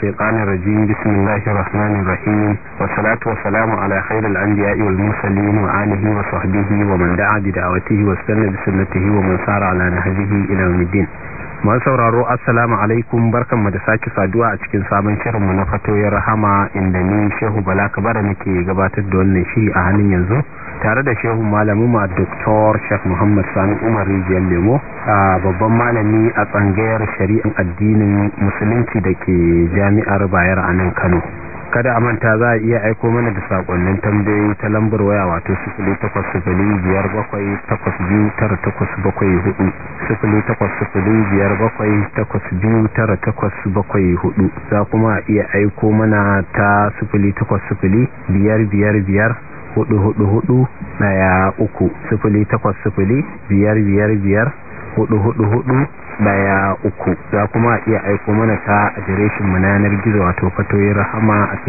الشيطان الرجيم بسم الله الرحمن الرحيم والصلاة والسلام على خير الأنبياء والمرسلين وآله وصحبه ومن دعا بدعوته واستنى بسنته ومن سار على نهجه إلى يوم الدين man sauraro assalamu alaikum barkanmu da sake saduwa a cikin sabon mu na fatoyin rahama inda ni shehu bala kabara nake gabatar da wannan shiri a halin yanzu tare da shehu malamu ma doktor shek muhammad sani umar rijiyar lemo a babban malami a tsangayar shari'ar addinin musulunci da ke jami'ar bayar a nan kano kada a manta za a iya aiko mana da sakonnin tambayoyi ta lambar waya wato 0805782974 za kuma iya aiko mana ta 080555 daya uku sifili takwas sifili biyar biyar biyar hudu hudu hudu daya uku za kuma iya aiko mana ta adireshin mu na yanar gizo wato fatoyin rahama at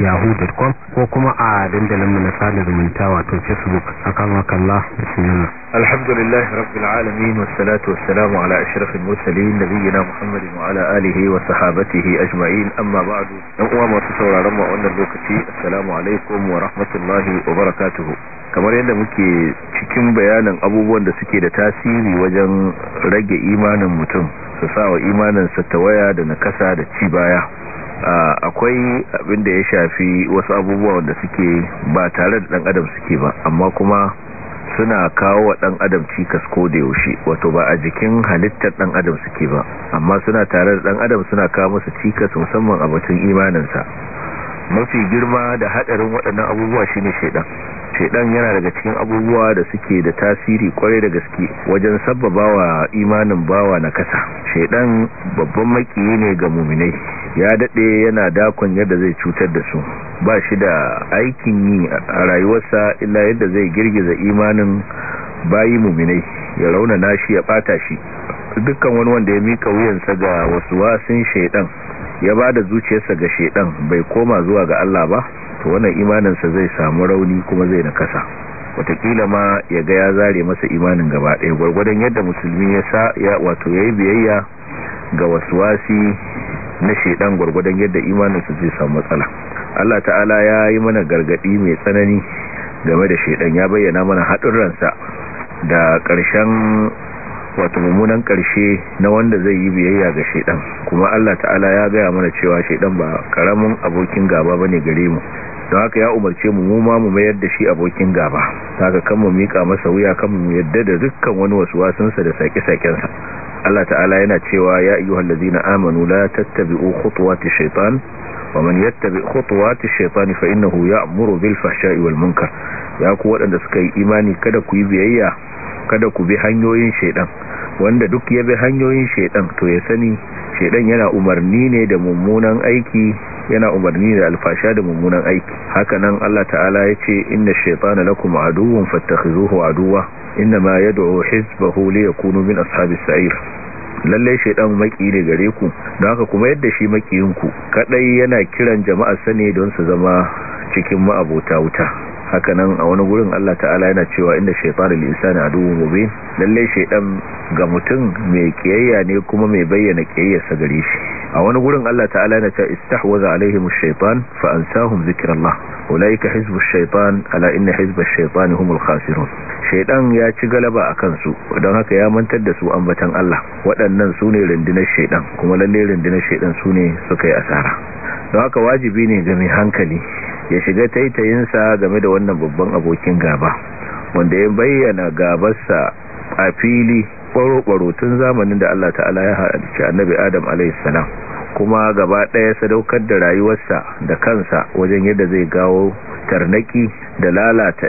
yahoo.com ko kuma a dandalin mu na sada zumunta wato facebook akan wakalla bismillah alhamdulillah rabbil alamin wa salamu ala ashrafil mursalin nabiyina muhammadin wa ala alihi wa sahabatihi ajma'in amma ba'du dan uwa masu sauraron mu a wannan lokaci assalamu alaikum wa rahmatullahi wa barakatuh kamar yadda muke cikin bayanin abubuwan da suke da tasiri wajen rage imani imanin mutum su sa wa imaninsa tawaya da nakasa da ci baya akwai abinda ya shafi wasu abubuwa wanda suke ba tare da dan adam suke ba amma kuma suna kawo wa dan adam cikas ko da yaushe wato ba a jikin halittar dan adam suke ba amma suna tare da dan adam suna kawo masa cikas musamman a batun imaninsa mafi girma da hadarin waɗannan abubuwa shine shaidan. shaidan yana daga cikin abubuwa da suke da tasiri kwarai da gaske wajen sabbabawa imanin bawa na kasa shaidan babban makiyi ne ga muminai ya dade yana dakon yadda zai cutar da su ba shi da aikin yi a rayuwarsa illa yadda zai girgiza imanin bayi muminai ya rauna nashi ya bata shi dukkan wani wanda ya mika wuyansa ga wasu wasin shaidan ya ba da zuciyarsa ga shaidan bai koma zuwa ga Allah ba to wannan imaninsa zai samu rauni kuma zai na nakasa watakila ma ya ga ya zare masa imanin gaba ɗaya gwargwadon yadda musulmi ya sa ya wato ya biyayya ga wasuwasi na shaidan gwargwadon yadda imaninsa zai samu matsala Allah ta'ala ya yi mana gargaɗi mai tsanani game da shaidan ya bayyana mana haɗurransa da ƙarshen wato mummunan karshe na wanda zai yi biyayya ga shaidan kuma Allah ta'ala ya gaya mana cewa shaidan ba karamin abokin gaba bane gare mu don haka ya umarce mu mu ma mu mayar da shi abokin gaba haka kan mu mika masa wuya kan mu yadda da dukkan wani wasu sa da sake-sakensa Allah ta'ala yana cewa ya ayyuhallazina amanu la tattabi'u khutuwati shaitan ومن fa innahu ya'muru bil fahsha'i wal munkar ya ku wadanda suka yi imani kada ku yi biyayya kada ku bi hanyoyin shaidan wanda duk ya bi hanyoyin shaidan to ya sani shaidan yana umarni ne da mummunan aiki yana umarni da alfasha da mummunan aiki hakanan Allah ta'ala ya ce inna shaytana lakum aduwwun fattakhizuhu aduwwa inna ma yad'u hizbahu yakunu min ashabis sa'ir lalle shaidan maki ne gare ku don haka kuma yadda shi makiyin ku kadai yana kiran jama'a sane don su zama cikin ma'abota wuta hakanan a wani gurin Allah ta'ala yana cewa inda shaytanu linsani a duhun mubin lalle shaydan ga mutum mai kiyayya ne kuma mai bayyana kiyayyarsa gare shi a wani gurin Allah ta'ala yana cewa istahwaza alaihim ash-shaytan fa ansahum zikrullah ulaika hizbu shaytan ala inna hizba ash humul khasirun shaiɗan ya ci galaba akan su don haka ya mantar da su ambatan Allah waɗannan su ne rundunar shaiɗan kuma lallai rundunar shaiɗan su ne suka yi asara don haka wajibi ne ga mai hankali ya shiga taitayinsa game da wannan babban abokin gaba wanda ya bayyana gabarsa a fili kwaro-kwaro tun zamanin da Allah ta'ala ya halarci annabi Adam alaihissalam kuma gaba ɗaya sadaukar da rayuwarsa da kansa wajen yadda zai gawo tarnaki da lalata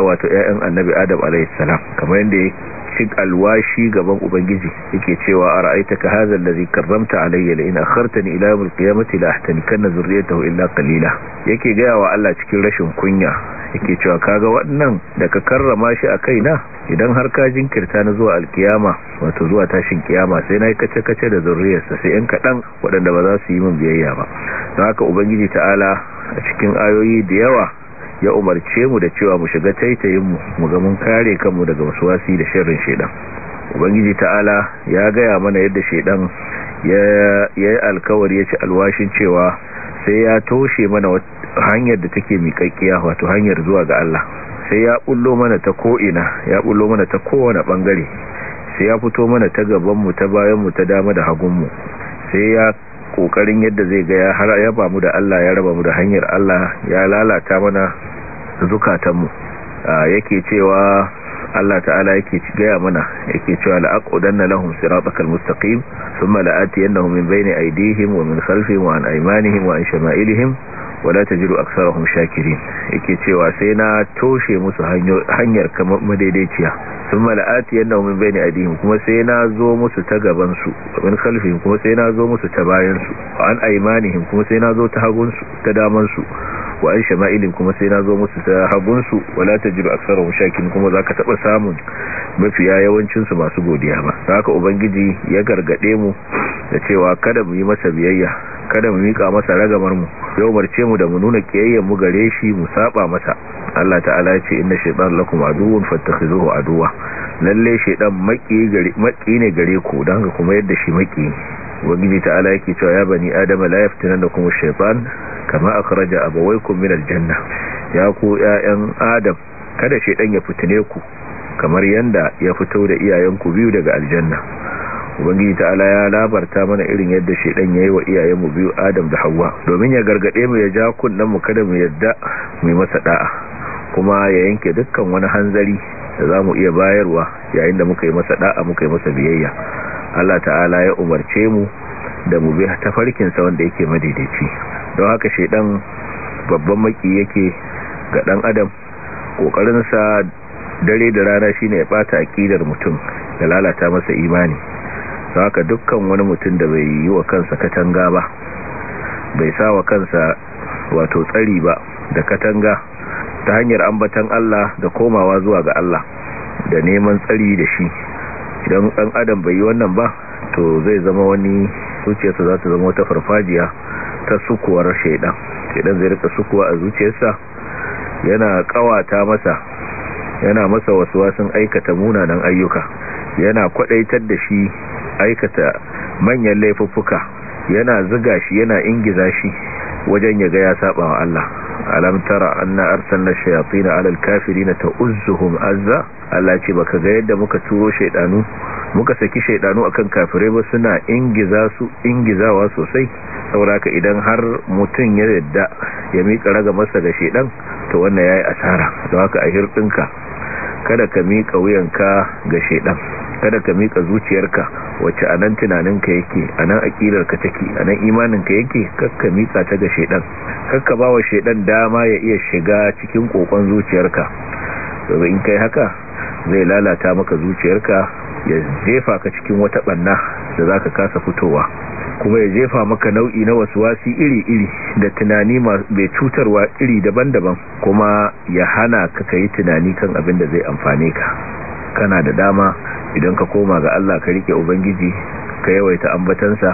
wato 'ya'yan annabi Adam alaihissalam kamar yadda ya cin alwashi gaban ubangiji yake cewa ka hadha allazi karramta alayya la in akhartani ila yawm na la ahtanikanna zurriyatahu illa qalila yake gaya wa Allah cikin rashin kunya yake cewa kaga wannan da ka karrama shi a kaina idan har ka jinkirta na zuwa alkiyama wato zuwa tashin kiyama sai nayi kace kace da zurriyarsa sai yan kadan waɗanda ba za su yi min biyayya ba don haka ubangiji ta'ala a cikin ayoyi da yawa ya umarce mu da cewa mu shiga taitayin mu mu ga mun kare kanmu daga waswasi da sharrin shedan ubangiji ta'ala ya gaya mana yadda shedan ya yi alkawari ya ci alwashin cewa sai ya toshe mana hanyar da take miƙaƙƙiya wato hanyar zuwa ga Allah sai ya bullo mana ta ko'ina ya bullo mana ta kowane bangare sai ya fito mana ta gabanmu ta bayanmu ta dama da hagunmu sai ya kokarin yadda zai ga ya har ya mu da Allah ya raba mu da hanyar Allah ya lalata mana zukatanmu yake cewa Allah ta'ala yake gaya mana yake cewa la'aqudanna lahum siratal mustaqim thumma la'atiyannahum min bayni aydihim wa min khalfihim wa an aymanihim wa an shama'ilihim wala tajiru aksarahum shakirin yake cewa sai na toshe musu hanyar kamar madaidaiciya sun mala'ati yadda min bayni adihim kuma sai na zo musu ta gaban su min khalfihim kuma sai na zo musu ta bayansu su an aymanihim kuma sai na zo ta hagun ta daman su wa an shama'ilin kuma sai na zo musu ta hagunsu wala ta jiru aksarar shakin kuma za ka taɓa samun mafiya yawancinsu masu godiya ba za haka ubangiji ya gargaɗe mu da cewa kada mu yi masa biyayya kada mu miƙa masa ragamar mu ya umarce mu da mu nuna kiyayyar mu gare shi mu saba masa Allah ta'ala ya ce inna shaytan lakum aduwwun fattakhizuhu aduwa lalle shaytan maki gare maki ne gare ku dan kuma yadda shi maki ubangiji ta'ala yake cewa ya bani adama la yaftinanakum ash-shaytan kama akhraja abawaykum min aljanna ya ku 'ya'yan adam kada shedan ya fitine ku kamar yanda ya fito da iyayenku biyu daga aljanna ubangiji ta'ala ya labarta mana irin yadda ya yi wa iyayenmu biyu adam da hawa domin ya gargade mu ya ja kunnan mu kada mu yadda mu yi masa da'a kuma ya yanke dukkan wani hanzari da za mu iya bayarwa yayin da muka yi masa da'a muka yi masa biyayya Allah ta'ala ya umarce mu da mu bi sa wanda yake madaidaici don haka ɗan babban maki yake ga dan adam sa dare da rana shine ya bata akidar mutum da lalata masa imani don haka dukkan wani mutum da bai yi wa kansa katanga ba bai sa wa kansa wato tsari ba da katanga ta hanyar ambatan Allah da komawa zuwa ga Allah da neman tsari da shi don dan adam bai yi wannan ba to zai zama wani zuciyarsa za ta zama wata farfajiya ta sukuwar shaidan shaidan zai rika sukuwa a zuciyarsa yana kawata masa yana masa wasu aikata munanan ayyuka yana kwadaitar da shi aikata manyan laifuffuka yana ziga shi yana ingiza shi wajen ya ga ya saba wa Allah alam tara anna arsalna shayatin ala alkafirin ta'uzzuhum azza Allah ce baka ga yadda muka turo shaydanu muka saki shaydanu akan kafirai ba suna ingiza su ingizawa sosai saboda idan har mutun ya yadda ya mika raga masa ga shaydan to wannan yayi asara don haka a hirdinka kada ka mika wuyanka ga shaydan kada ka mika zuciyarka wacce anan tunaninka yake anan aqidarka take anan imaninka yake kakka mika ta ga shedan kakka bawa shedan dama ya iya shiga cikin kokon zuciyarka saboda in kai haka zai lalata maka zuciyarka ya jefa ka cikin wata banna da zaka kasa fitowa kuma ya jefa maka nau'i na wasu wasi iri-iri da tunani mai cutarwa iri daban-daban kuma ya hana ka kayi tunani kan abin da zai amfane ka kana da dama idan ka koma ga Allah ka rike ubangiji ka yawaita ambatansa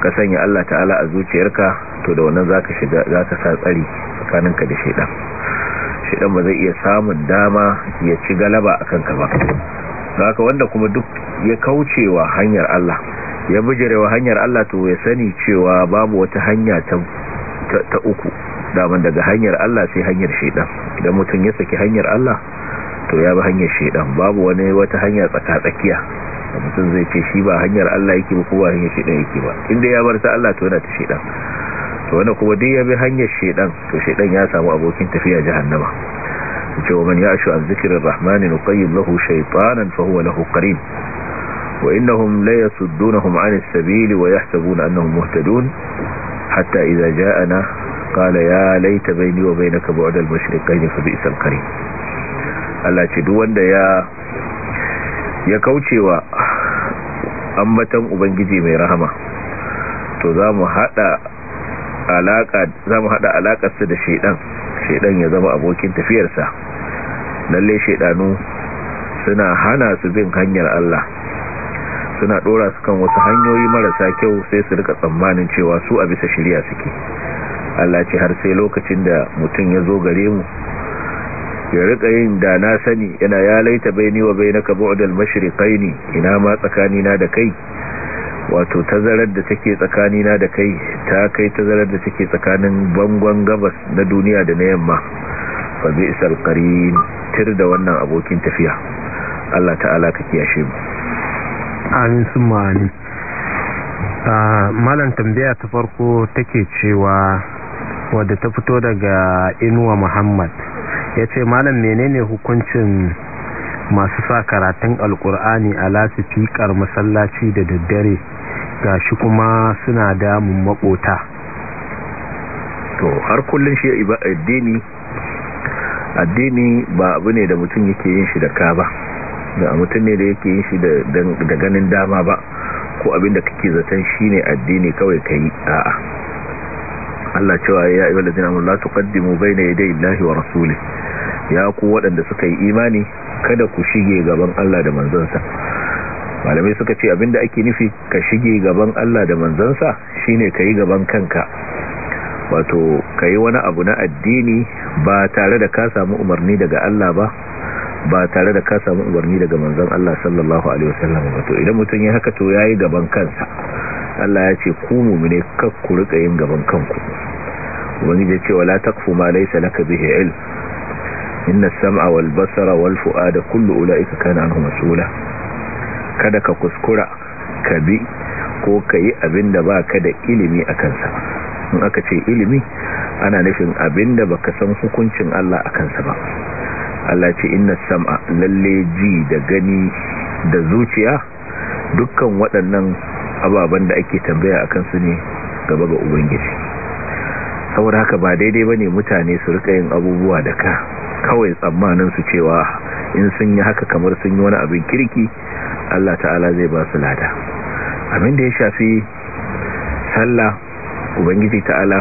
ka sanya Allah ta'ala a zuciyarka to da wannan zaka shiga zaka sa tsari tsakaninka da shedan shedan ba zai iya samun dama ya ci galaba akan ka ba haka wanda kuma duk ya kaucewa hanyar Allah ya bijirewa hanyar Allah to ya sani cewa babu wata hanya ta ta uku daman daga hanyar Allah sai hanyar shedan idan mutum ya saki hanyar Allah to ya bi hanyar shaidan babu wani wata hanya tsakatsakiya da mutum zai ce shi ba hanyar Allah yake ba ko hanyar shaidan yake ba inda ya bar ta Allah to yana ta shaidan to wanda kuma duk ya bi hanyar shaidan to shaidan ya samu abokin tafiya jahannama ce wa man ya'shu an zikrir rahmani nuqayyib lahu shaytanan fa huwa lahu qarin wa innahum la yasuddunhum 'anil sabili wa yahsabuna annahum muhtadun hatta idza ja'ana qala ya laita bayni wa baynaka bu'da al-mashriqayn fa bi'sa al-qarin Allah ce duk wanda ya ya kaucewa ambatan ubangiji mai rahama to za mu hada alaka za mu hada alakarsa da shedan shedan ya zama abokin tafiyarsa lalle shedanu suna hana su bin hanyar Allah suna dora su kan wasu hanyoyi marasa kyau sai su rika tsammanin cewa su a bisa shirya suke Allah ce har sai lokacin da mutum ya zo gare mu ya rika yin da na sani yana ya laita ni wa bainaka mashirikai mashriqaini ina ma tsakanina da kai wato tazarar da take tsakanina da kai ta kai tazarar da take tsakanin bangon gabas na duniya da na yamma fa bi isal qarin tir da wannan abokin tafiya Allah ta'ala ka kiyashe mu amin summa ah, malam tambaya ta farko take cewa wadda ta fito daga inuwa muhammad ya ce malam menene hukuncin masu sa karatun alkur'ani a lasifikar masallaci da daddare ga shi kuma suna damun makota to har kullum shi addini addini ba abu ne da mutum yake yin shi da ka ba da mutum ne da yake yin shi da ganin dama ba ko abin da kake zaton shi ne addini kawai ka yi a'a Allah cewa ya yi ayyuhal ladina amanu kaddimu bai na yadda illahi wa rasuli ya ku waɗanda suka yi imani kada ku shige gaban Allah da manzansa malamai suka ce abinda ake nufi ka shige gaban Allah da manzansa shine yi gaban kanka wato ka yi wani abu na addini ba tare da ka samu umarni daga Allah ba ba tare da ka samu umarni daga manzon Allah sallallahu alaihi wasallam wato idan mutum ya haka to ya yi gaban kansa Allah ya ce ku mu'mine kar ku rika yin gaban kanku wani ya ce wala taqfu ma laysa laka bihi ilm inna sam'a wal basara wal fu'ada kullu ulaika kana anhu mas'ula kada ka kuskura ka bi ko ka yi baka da ba ka da ilimi a kansa in aka ce ilimi ana nufin abinda baka san hukuncin Allah a kansa ba Allah ce inna sam'a lalle ji da gani da zuciya dukkan waɗannan ababen da ake tambaya akan su ne gaba ga ubangiji saboda haka ba daidai ba ne mutane su rika yin abubuwa da ka kawai tsammanin su cewa in sun yi haka kamar sun yi wani abin kirki Allah ta'ala zai ba su lada abin da ya shafi sallah ubangiji ta'ala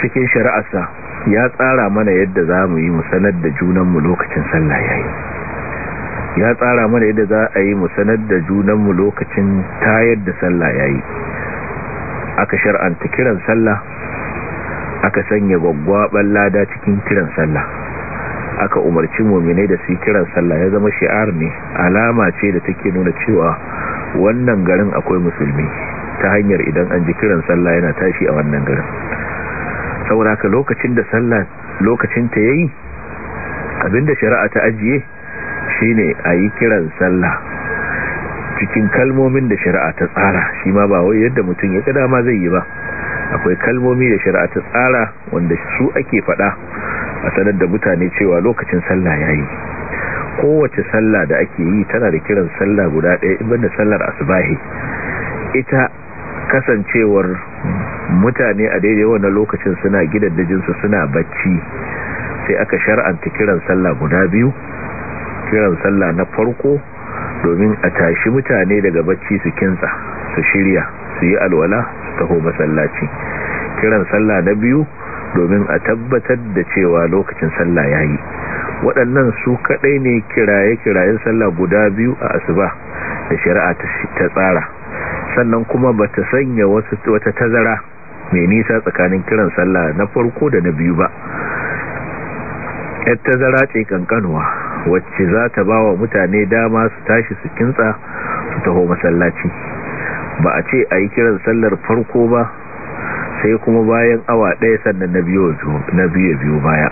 cikin shari'arsa ya tsara mana yadda za mu yi musanar da junanmu lokacin sallah yayi ya tsara mana yadda za a yi mu sanar da mu lokacin tayar da sallah yayi aka shar'anta kiran sallah aka sanya gwaggwaban lada cikin kiran sallah aka umarci muminai da su kiran sallah ya zama shi'ar ne alama ce da take nuna cewa wannan garin akwai musulmi ta hanyar idan an ji kiran sallah yana tashi a wannan garin saboda lokacin da sallah lokacin ta yayi abinda shari'a ta ajiye shine a yi kiran sallah cikin kalmomin da shari'a ta tsara shi ma ba wai yadda mutum ya kada ma zai yi ba akwai kalmomi da shari'a ta tsara wanda su ake faɗa a sanar da mutane cewa lokacin sallah yi kowace sallah da ake yi tana da kiran sallah guda ɗaya in banda sallar asubahi ita kasancewar mutane a daidai wannan lokacin suna gidan dajinsu suna bacci sai aka shar'anta kiran sallah guda biyu kiran sallah na farko domin a tashi mutane daga bacci su kinsa su shirya su yi alwala su taho masallaci kiran sallah na biyu domin a tabbatar da cewa lokacin sallah ya yi waɗannan su kaɗai ne kiraye-kirayen sallah guda biyu a asuba da shari'a ta tsara sannan kuma ba ta sanya wata tazara mai nisa tsakanin kiran sallah na farko da na biyu ba yar tazara ce kankanuwa wacce za ta ba wa mutane dama su tashi su kinsa su taho masallaci ba a ce a yi kiran sallar farko ba sai kuma bayan awa ɗaya sannan na biyu biyu baya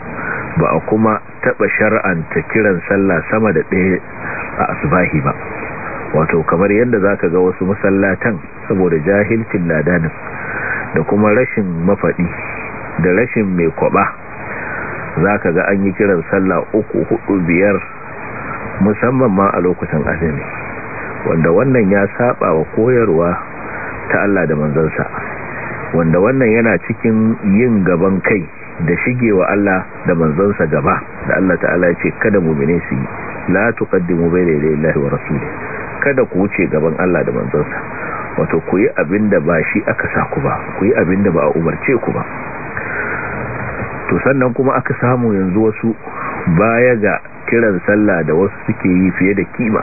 ba a kuma taɓa shar'anta kiran sallah sama da ɗaya a asubahi ba wato kamar yadda za ka ga wasu masallatan saboda jahilcin ladanin da kuma rashin mafaɗi da rashin mai kwaɓa. za ka ga an yi kiran sallah uku hudu biyar musamman ma a lokutan azumi wanda wannan ya saba wa koyarwa ta Allah da manzansa wanda wannan yana cikin yin gaban kai da shigewa Allah da manzansa gaba da Allah ta'ala ya ce kada mu'mine su yi la tuqaddimu bayna illahi wa rasuli kada ku wuce gaban Allah da manzansa wato ku yi abinda ba shi aka sa ba ku yi abinda ba a umarce ku ba to sannan kuma aka samu yanzu wasu baya ga kiran sallah da wasu suke yi fiye da kima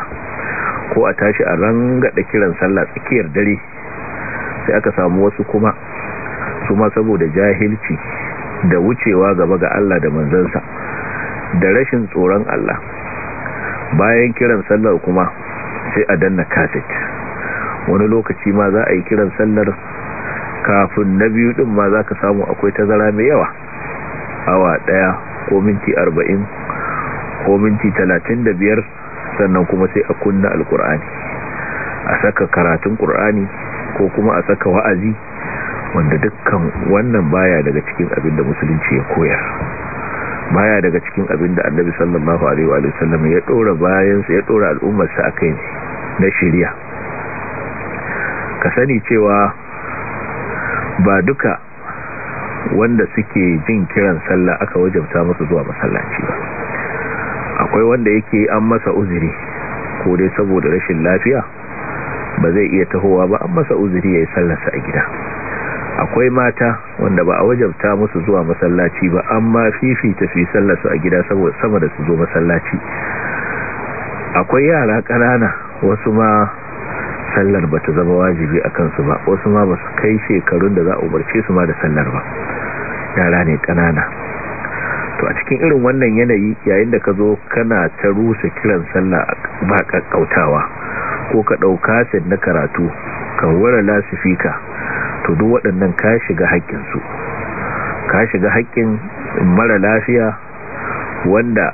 ko a tashi a rangada kiran sallah tsakiyar dare sai aka samu wasu kuma su ma saboda jahilci da wucewa gaba ga Allah da manzansa da rashin tsoron Allah bayan kiran sallar kuma sai a danna kaset wani lokaci ma za a yi kiran sallar kafin na biyu din ma za ka samu akwai tazara mai yawa awa daya ko minti arba'in ko minti talatin da biyar sannan kuma sai a kunna alkur'ani a saka karatun kur'ani ko kuma a saka wa'azi wanda dukkan wannan baya daga cikin abin da musulunci ya koyar baya daga cikin abin da annabi sallallahu alaihi wa sallam ya dora bayansa ya dora al'ummarsa a kai na shirya ka sani cewa ba duka wanda suke jin kiran sallah aka wajabta musu zuwa masallaci akwai wanda yake an masa uzuri ko dai saboda rashin lafiya ba zai iya tahowa ba an masa uzuri ya yi sallarsa a gida akwai mata wanda ba a wajabta musu zuwa masallaci ba amma fifita fi sallarsu a gida saboda sama da su zo masallaci akwai yara ƙanana wasu ma sallar ba ta zama wajibi a kansu ba wasu ma ba su kai shekarun da za a umarce su ma da sallar ba yara ne kanana to a cikin irin wannan yanayi yayin da ka zo kana ta rusa kiran sallah ba kakkautawa ko ka ɗauka sai na karatu ka wura lasifika to duk waɗannan ka shiga haƙƙinsu ka shiga haƙƙin mara lafiya wanda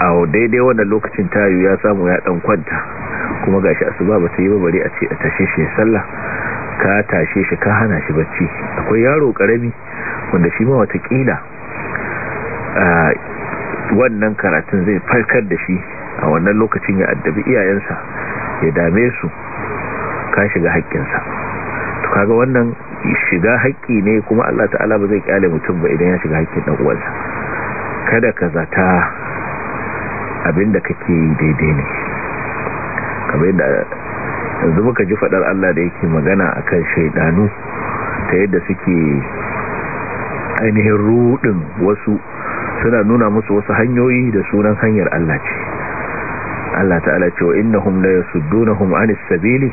a daidai wannan lokacin tayu ya samu ya ɗan kwanta kuma gashi asuba ba ta yi ba bari a ce a tashe shi sallah ka tashe shi ka hana shi bacci akwai yaro karami wanda shi ma watakila wannan karatun zai farkar da shi a wannan lokacin ya addabi iyayensa ya dame su ka shiga haƙƙinsa to kaga wannan shiga haƙƙi ne kuma Allah ta'ala ba zai kyale mutum ba idan ya shiga haƙƙin dan uwansa kada ka zata abinda kake daidai ne kamar da yanzu muka ji fadar Allah da yake magana akan shaidanu ta yadda suke ainihin rudin wasu suna nuna musu wasu hanyoyi da sunan hanyar Allah ce Allah ta'ala ce wa innahum la yasuddunahum anis sabili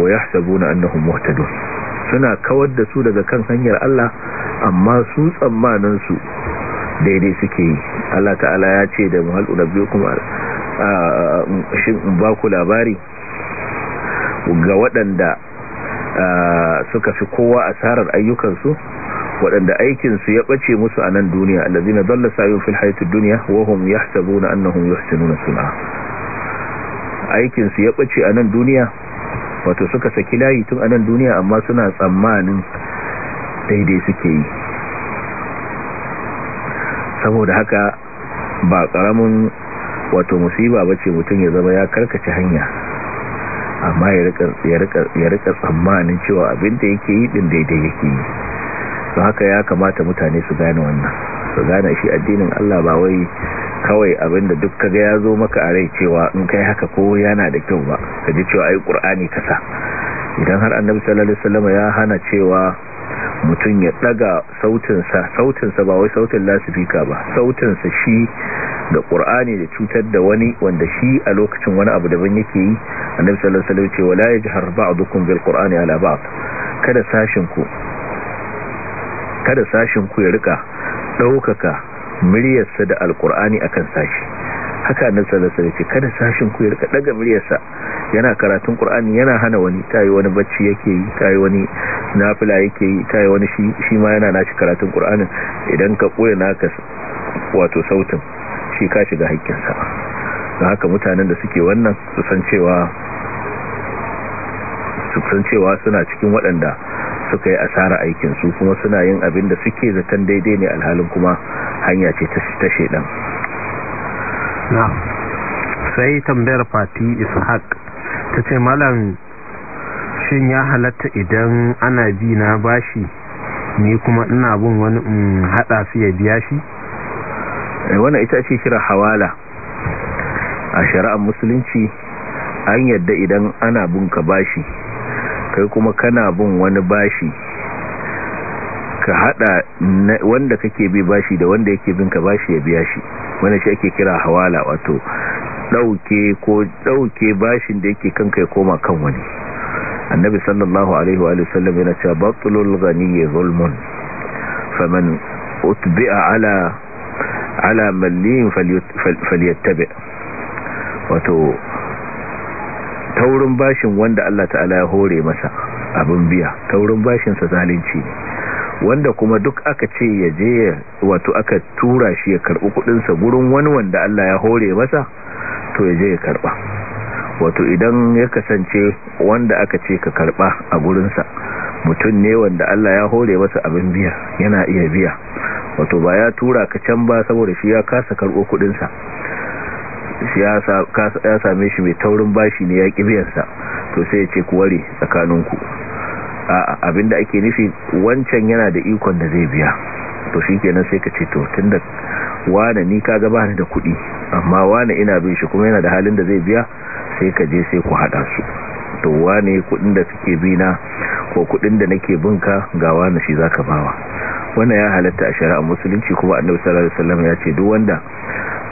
wa yahsabuna annahum muhtadun suna kawar da su daga kan hanyar Allah amma su tsammanin su daidai suke yi Allah ta'ala ya ce da muhallu nabiyukum ba ku labari ga waɗanda suka fi kowa asarar ayyukansu waɗanda aikinsu ya ɓace musu a nan duniya allazi na zalla sayun fil haitu duniya wahum ya sabu na annahun nuna suna aikinsu ya ɓace a nan duniya wato suka saki layi tun a nan duniya amma suna tsammanin daidai suke yi saboda haka ba ƙaramin wato musiba ba ce mutum ya zama ya karkace hanya amma ya rika tsammanin cewa abin da yake yi din daidai yake yi su haka ya kamata mutane su gane wannan su gane shi addinin Allah ba wai kawai abin da duk kaga ya zo maka a rai cewa in kai haka ko yana da kyau ba ka ji cewa ai qur'ani kasa idan har annabi sallallahu alaihi ya hana cewa mutum ya daga sautinsa sautinsa ba wai sautin lasifika ba sautinsa shi da qur'ani da cutar da wani wanda shi a lokacin wani abu daban yake yi annabi sallallahu alaihi wasallam ya ce wala yajhar ba'dukum bil qur'ani ala ba'd kada sashin ku kada sashin ku ya rika daukaka muryarsa da alqur'ani akan sashi haka annabi sallallahu alaihi wasallam ya ce kada sashin ku ya rika daga muryarsa yana karatun qur'ani yana hana wani tayi wani bacci yake yi tayi wani nafila yake yi tayi wani shi shi ma yana nashi karatun qur'anin idan ka koyi naka wato sautin ce ka shiga haƙƙinsa haka mutanen da suke wannan su san cewa suna cikin waɗanda suka yi asara aikinsu kuma suna yin abin da suke zaton daidai ne alhalin kuma hanya ce ta shaidan sai tambayar fati ishaq ta ce malam shin ya halatta idan ana bi na bashi ni kuma ina bin wani in hada su ya biya shi Eh, wanda ita ce kira hawala a shari'ar musulunci an yadda idan ana bin ka bashi kai kuma kana bin wani bashi ka hada wanda kake bi bashi da wanda yake bin ka bashi ya biya shi wanda shi ake kira hawala wato dauke ko dauke bashin da yake kanka ya koma kan wani annabi sallallahu alaihi wa sallam yana cewa batlul ghani zulmun faman utbi'a ala ala mallin falyattabi wato taurin bashin wanda Allah ta'ala ya hore masa abin biya taurin sa zalunci ne wanda kuma duk aka ce ya je wato aka tura shi ya karbi sa gurin wani wanda Allah ya hore masa to ya je ya karba wato idan ya kasance wanda aka ce ka karba a sa mutum ne wanda Allah ya hore masa abin biya yana iya biya wato ba ya tura ka can ba saboda shi ya kasa karɓo kuɗinsa ya same shi mai taurin bashi ne ya ƙi biyansa to sai ya ce ku ware tsakaninku abinda ake nufi wancan yana da ikon da zai biya to shi kenan sai ka ce to tun da wane ni ka gaba da kuɗi amma wane ina bin shi kuma yana da halin da zai biya sai ka je sai ku haɗa su to wane kuɗin da suke bina ko kuɗin da nake bin ka ga wane shi zaka bawa wannan ya halatta a shari'a musulunci kuma annabi sallallahu alaihi wasallam ya ce duk wanda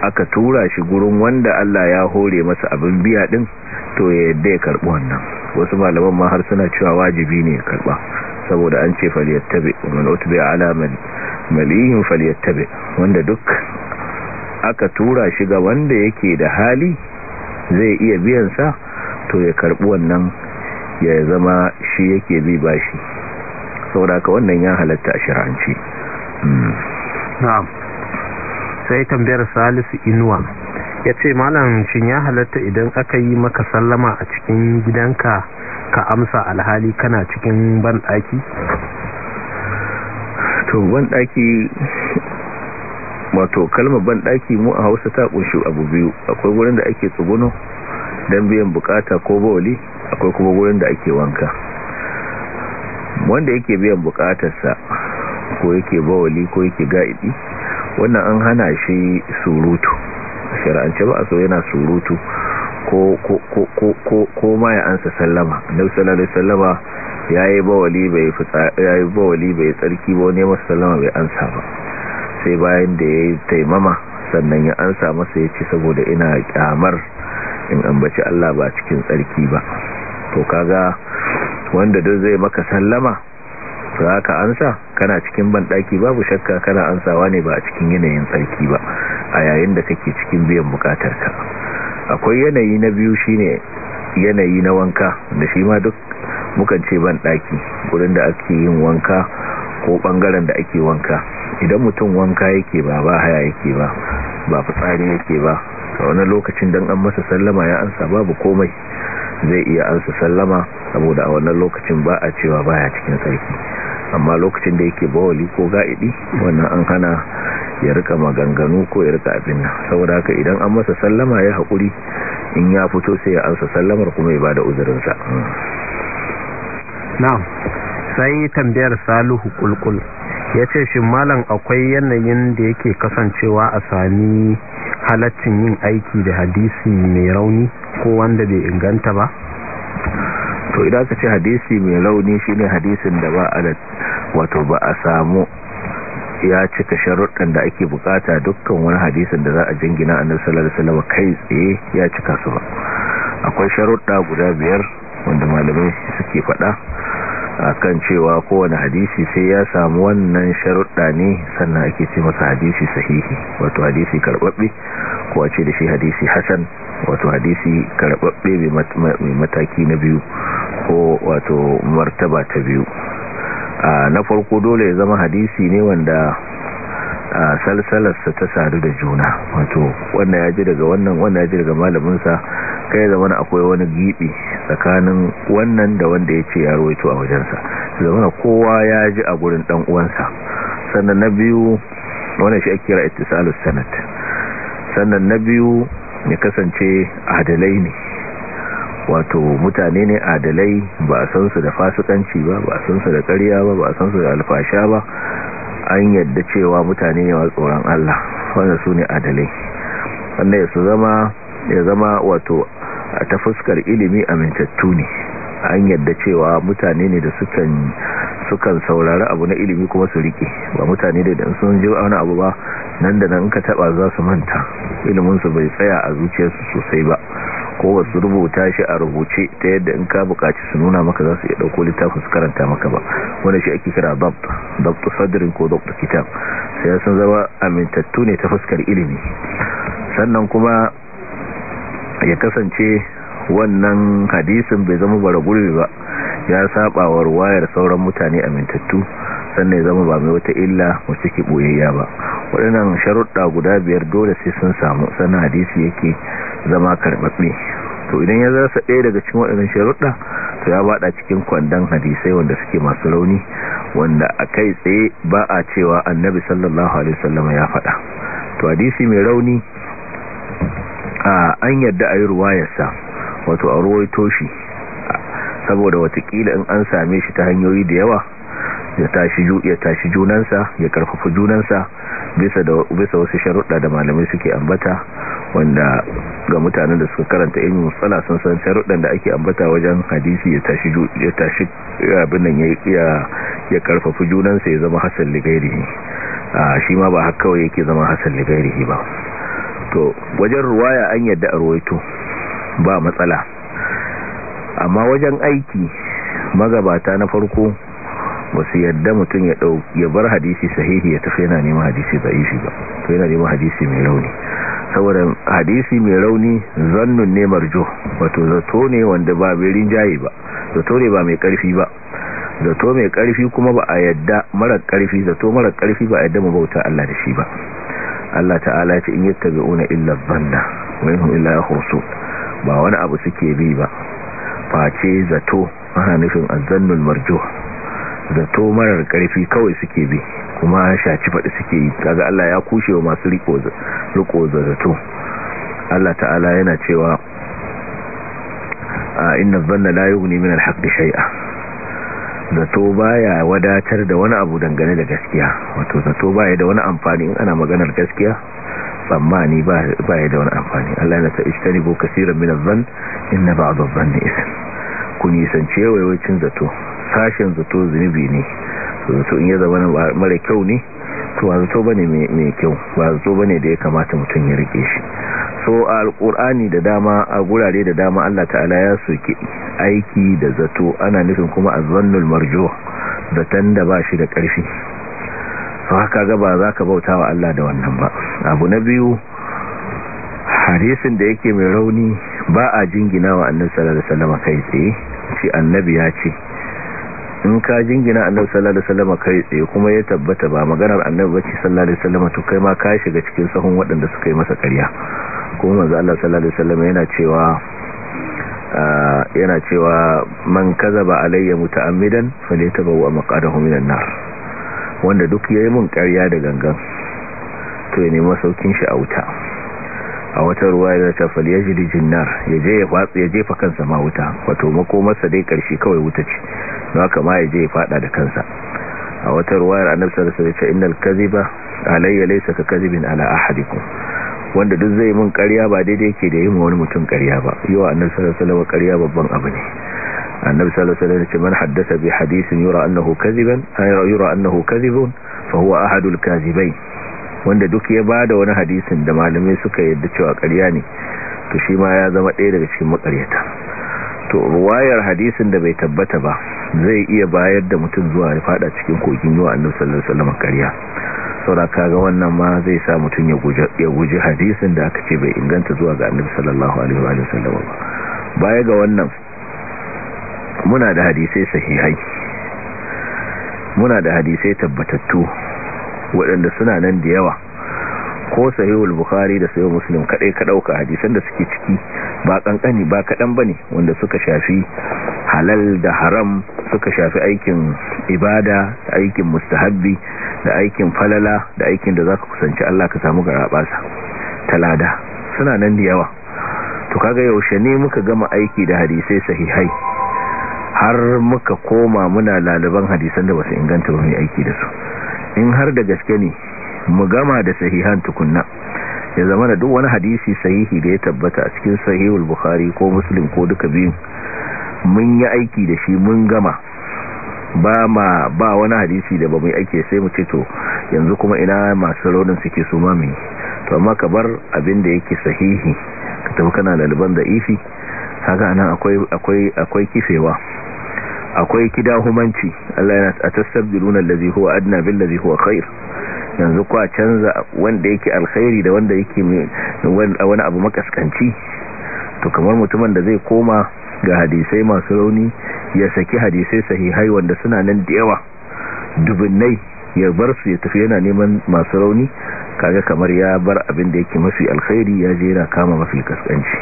aka tura shi gurin wanda Allah ya hore masa abin biya din to ya yadda ya karbi wannan wasu malaman ma har suna cewa wajibi ne ya karba saboda an ce wani man utbi ala malihin falyattabe wanda duk aka tura shi ga wanda yake da hali zai iya biyan sa to ya karbi wannan ya zama shi yake bi bashi saboda ka wannan ya halatta a shiranci. Hmm. na'am sai tambayar salisu inuwa ya ce malam shin ya halatta idan aka yi maka sallama a cikin gidanka ka amsa alhali kana cikin banɗaki? to banɗaki wato kalmar banɗaki mu a hausa ta ƙunshi abu biyu akwai wurin da ake tsuguno don biyan bukata ko bawali akwai kuma wurin da ake wanka wanda yake biyan bukatarsa ko yake bawali ko yake ga'idi wannan an hana shi surutu shari'ance ba a so yana surutu ko ma ya ansa sallama annabi sallallahu alaihi wasallama yayi bawali bai yayi bawali bai tsarki ba ne masa sallama bai ansa ba sai bayan da yayi taimama sannan ya ansa masa ya yace saboda ina kyamar in ambaci Allah ba cikin tsarki ba to kaga wanda duk zai maka sallama to haka ansa kana cikin banɗaki babu shakka kana ansawa ne ba a cikin yanayin tsarki ba a yayin da kake cikin biyan bukatarka akwai yanayi na biyu shine yanayi na wanka da shi ma duk mukan ce banɗaki gurin da ake yin wanka ko ɓangaren da ake wanka idan mutum wanka yake ba ba haya yake ba ba fitsari yake ba a wani lokacin don an masa sallama ya ansa babu komai zai iya ansa sallama saboda a wannan lokacin ba a cewa baya cikin sarki amma lokacin da yake bawali ko ga'idi wannan an hana ya rika maganganu ko ya rika abin nan saboda haka idan an masa sallama ya haƙuri in ya fito sai ya ansa sallamar kuma ya bada uzurinsa na'am sai tambayar salihu kulkul ya ce shi malam akwai yanayin da yake kasancewa a sami halaccin yin aiki da hadisi mai rauni ko wanda bai inganta ba to idan ka ce hadisi mai rauni shine hadisin da ba a wato ba a samu ya cika sharuɗan da ake bukata dukkan wani hadisin da za a jingina a sallallahu alaihi salama kai tsaye ya cika su ba akwai sharuɗa guda biyar wanda malamai suke faɗa akan cewa kowane hadisi sai ya samu wannan sharuɗa ne sannan ake ce masa hadisi sahihi wato hadisi karɓaɓɓe ko a ce da shi hadisi hasan wato hadisi karɓaɓɓe mai mataki na biyu ko wato martaba ta biyu na farko dole ya zama hadisi ne wanda salsalarsa ta sadu da juna wato wanda ya ji daga wannan wanda ya ji daga malaminsa kai zama akwai wani gibi tsakanin wannan da wanda ya ce ya rawaito a wajensa zama kowa ya ji a gurin dan uwansa sannan na biyu wannan shi ake kira ittisalus sanad sannan na biyu ya kasance adalai ne wato mutane ne adalai ba a san su da fasikanci ba ba a san su da ƙarya ba ba a san su da alfasha ba an yadda cewa mutane ne masu tsoron Allah wanda su ne adalai wanda ya su ya zama wato ta fuskar ilimi amintattu ne an yadda cewa mutane ne da sukan sukan saurari abu na ilimi kuma su rike ba mutane da dan sun ji wani abu ba nan da nan ka taba za su manta ilimin su bai tsaya a zuciyarsu sosai ba ko ba rubuta shi a rubuce ta yadda in ka bukaci su nuna maka za su iya dauko littafin su karanta maka ba wanda shi ake kira bab dabt sadrin ko dokta kitab sai sun zama amintattu ne ta fuskar ilimi sannan kuma ya kasance wannan hadisin bai zama bara gurbi ba ya saba wa ruwayar sauran mutane amintattu sannan ya zama ba mai wata illa mu ke boyayya ba waɗannan sharuɗa guda biyar dole sai sun samu sannan hadisi yake zama karɓaɓɓe to idan ya zarsa ɗaya daga cikin waɗannan sharuɗa to ya bada cikin kwandon hadisai wanda suke masu rauni wanda a kai tsaye ba a cewa annabi sallallahu alaihi wasallam ya faɗa to hadisi mai rauni an yadda a yi ruwayarsa wato a ruwaito shi saboda watakila in an same shi ta hanyoyi da yawa ya tashi junansa ya karfafa junansa bisa wasu sharuɗa da malamai suke ambata wanda ga mutanen da suka karanta ilmi musala sun san sharuɗan da ake ambata wajen hadisi ya tashi ya tashi abin ya karfafa junansa ya zama hasan ligairihi shi ma ba haka kawai yake zama hasan ligairihi ba to wajen ruwaya an yadda a ruwaito ba matsala amma wajen aiki magabata na farko ba su yadda mutum ya dau ya bar hadisi sahihi ya tafi yana neman hadisi da'ifi ba to yana neman hadisi mai rauni saboda hadisi mai rauni zannun ne marjo wato zato ne wanda ba berin rinjaye ba zato ne ba mai karfi ba zato mai karfi kuma ba a yadda marar karfi zato marar karfi ba a yadda mu bauta Allah da shi ba Allah ta'ala ya ce in yattabi'una illa dhanna wa hum illa yakhrusun ba wani abu suke bi ba face zato ana nufin azzannul marjuh zato marar karfi kawai suke bi kuma shaci faɗi suke yi kaga Allah ya kushe wa masu riko zato Allah ta'ala yana cewa inna dhanna la yughni min al-haqqi zato baya wadatar da wani abu dangane da gaskiya wato zato baya da wani amfani in ana maganar gaskiya tsammani baya da wani amfani Allah na sa'istani bo kasiran min azan inna ba'd ne ism ku nisance waiwacin zato sashen zato zunubi ne zato in ya zama mara kyau ne to ba zato ne mai kyau ba zato ba ne da ya kamata mutum ya rike shi so alkur'ani da dama a gurare da dama Allah ta'ala ya soke aiki da zato ana nufin kuma azzannul marjo zaton da ba shi da ƙarfi so haka ga ba za ka bauta wa Allah da wannan ba abu na biyu hadisin da yake mai rauni ba a jingina wa annabi sallallahu alaihi wasallam kai tsaye shi annabi ya ce in ka jingina annabi sallallahu alaihi wasallam kai tsaye kuma ya tabbata ba maganar annabi ba sallallahu alaihi wasallam to kai ma ka shiga cikin sahun waɗanda suka yi masa ƙarya kuma manzo Allah sallallahu alaihi wasallam yana cewa yana cewa man kazaba alayya muta'ammidan falyatabawa maqadahu minan nar wanda duk yayi mun ƙarya da gangan to ya nemi saukin shi a wuta a wata ruwa ya ta falyajidi jinnar ya ya jefa kansa ma wuta wato makomarsa dai karshe kawai wuta ce don haka ma je ya fada da kansa a wata ruwayar annabi sallallahu alaihi wasallam innal kadhiba alayya laysa ka kadhibin ala ahadikum wanda duk zai min ƙarya ba daidai yake da yi ma wani mutum ƙarya ba yiwa annabi sallallahu alaihi wasallam ƙarya babban abu ne annabi sallallahu alaihi wasallam man haddasa bi hadithin yura annahu kadhiban ay yura annahu kadhibun fa huwa ahadul kadhibain wanda duk ya bada wani hadisin da malamai suka yadda cewa ƙarya ne to shi ma ya zama ɗaya daga cikin makaryata to ruwayar hadisin da bai tabbata ba zai iya bayar da mutum zuwa ya faɗa cikin kogin yiwa annabi sallallahu alaihi wasallam ƙarya saura kaga wannan ma zai sa mutum ya guji hadisin da aka ce bai inganta zuwa ga annabi sallallahu alaihi wa sallam baya ga wannan muna da hadisai sahihai muna da hadisai tabbatattu waɗanda suna nan da yawa ko sahihul bukhari da sahihul muslim kadai ka dauka hadisan da suke ciki ba kankani ba kadan bane wanda suka shafi halal da haram suka shafi aikin ibada da aikin mustahabbi da aikin falala da aikin da zaka kusanci Allah ka samu sa talada suna nan da yawa to kaga yaushe ne muka gama aiki da hadisai sahihai har muka koma muna laliban hadisan da basu inganta ba mai aiki da su in har da gaske ne mu gama da sahihan tukunna ya zama da duk wani hadisi sahihi da ya tabbata a cikin sahihul bukhari ko muslim ko duka biyu mun yi aiki da shi mun gama ba ma ba wani hadisi da ba mu ake sai mu ce to yanzu kuma ina masu raunin suke su ma to amma ka bar abin da yake sahihi ka tafi kana laliban da ifi haka nan akwai akwai akwai kifewa akwai kidahumanci Allah yana atastabdiluna allazi huwa adna billazi huwa khair yanzu kwa canza wanda yake alkhairi da wanda yake wani abu makaskanci to kamar mutumin da zai koma ga hadisai masu rauni ya saki hadisai sahihai wanda suna nan da yawa dubinnai ya bar su ya tafi yana neman masu rauni kaga kamar ya bar abin da yake mafi alkhairi ya je yana kama mafi kaskanci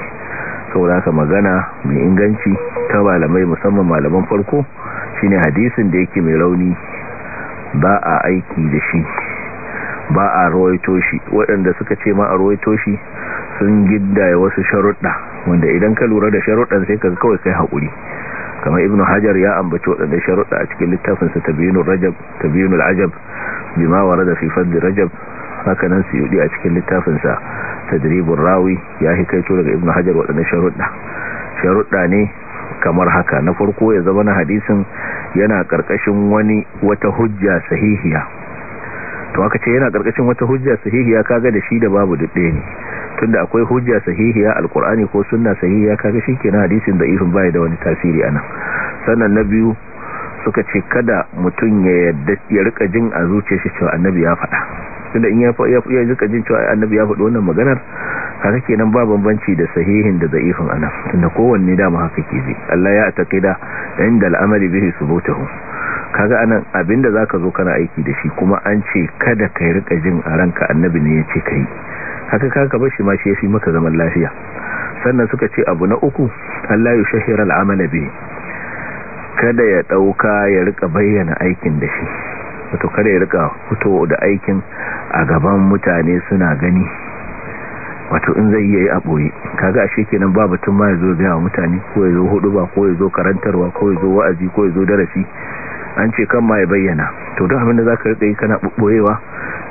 saboda haka magana mai inganci ta malamai musamman malaman farko shine hadisin da yake mai rauni ba a aiki da shi ba a rawaito shi waɗanda suka ce ma a rawaito shi sun gidda wasu sharuɗa wanda idan ka lura da sharuɗan sai ka kawai kai haƙuri kamar ibnu hajar ya ambaci waɗanda sharuɗa a cikin littafinsa tabiyunul rajab tabiyunul ajab bima warada fi da rajab haka nan suyudi a cikin littafinsa tadribur rawi ya to daga ibnu hajar waɗanda sharuɗa sharuɗa ne kamar haka na farko ya zama na hadisin yana ƙarƙashin wani wata hujja sahihiya to aka ce yana karkashin wata hujja sahihiya kaga da shi da babu dudde ne tunda akwai hujja sahihiya alkur'ani ko sunna sahihiya kaga shikenan hadisin da ifin bai da wani tasiri anan sannan na biyu suka ce kada mutum ya yadda ya rika jin a zuciyar shi cewa annabi ya faɗa tunda in ya ya rika jin cewa annabi ya faɗi wannan maganar haka kenan ba bambanci da sahihin da da'ifin anan tunda kowanne dama haka ke ji Allah ya taqida inda al'amali bihi subutuhu kaga anan abinda zaka zo kana aiki da shi kuma an ce kada kai rika jin a ranka annabi ne yace kai haka kaga bashi ma shi yafi maka zaman lafiya sannan suka ce abu na uku Allah ya shahira al'amal bi kada ya dauka ya rika bayyana aikin da shi wato kada ya rika fito da aikin a gaban mutane suna gani wato in zai yi a boye kaga ashe kenan ba batun ma ya zo gaya wa mutane ko ya zo hudu ba ko ya zo karantarwa ko ya zo wa'azi ko ya zo darasi an ce kan ma ya bayyana to duk abin da za ka riƙa yi kana ɓoyewa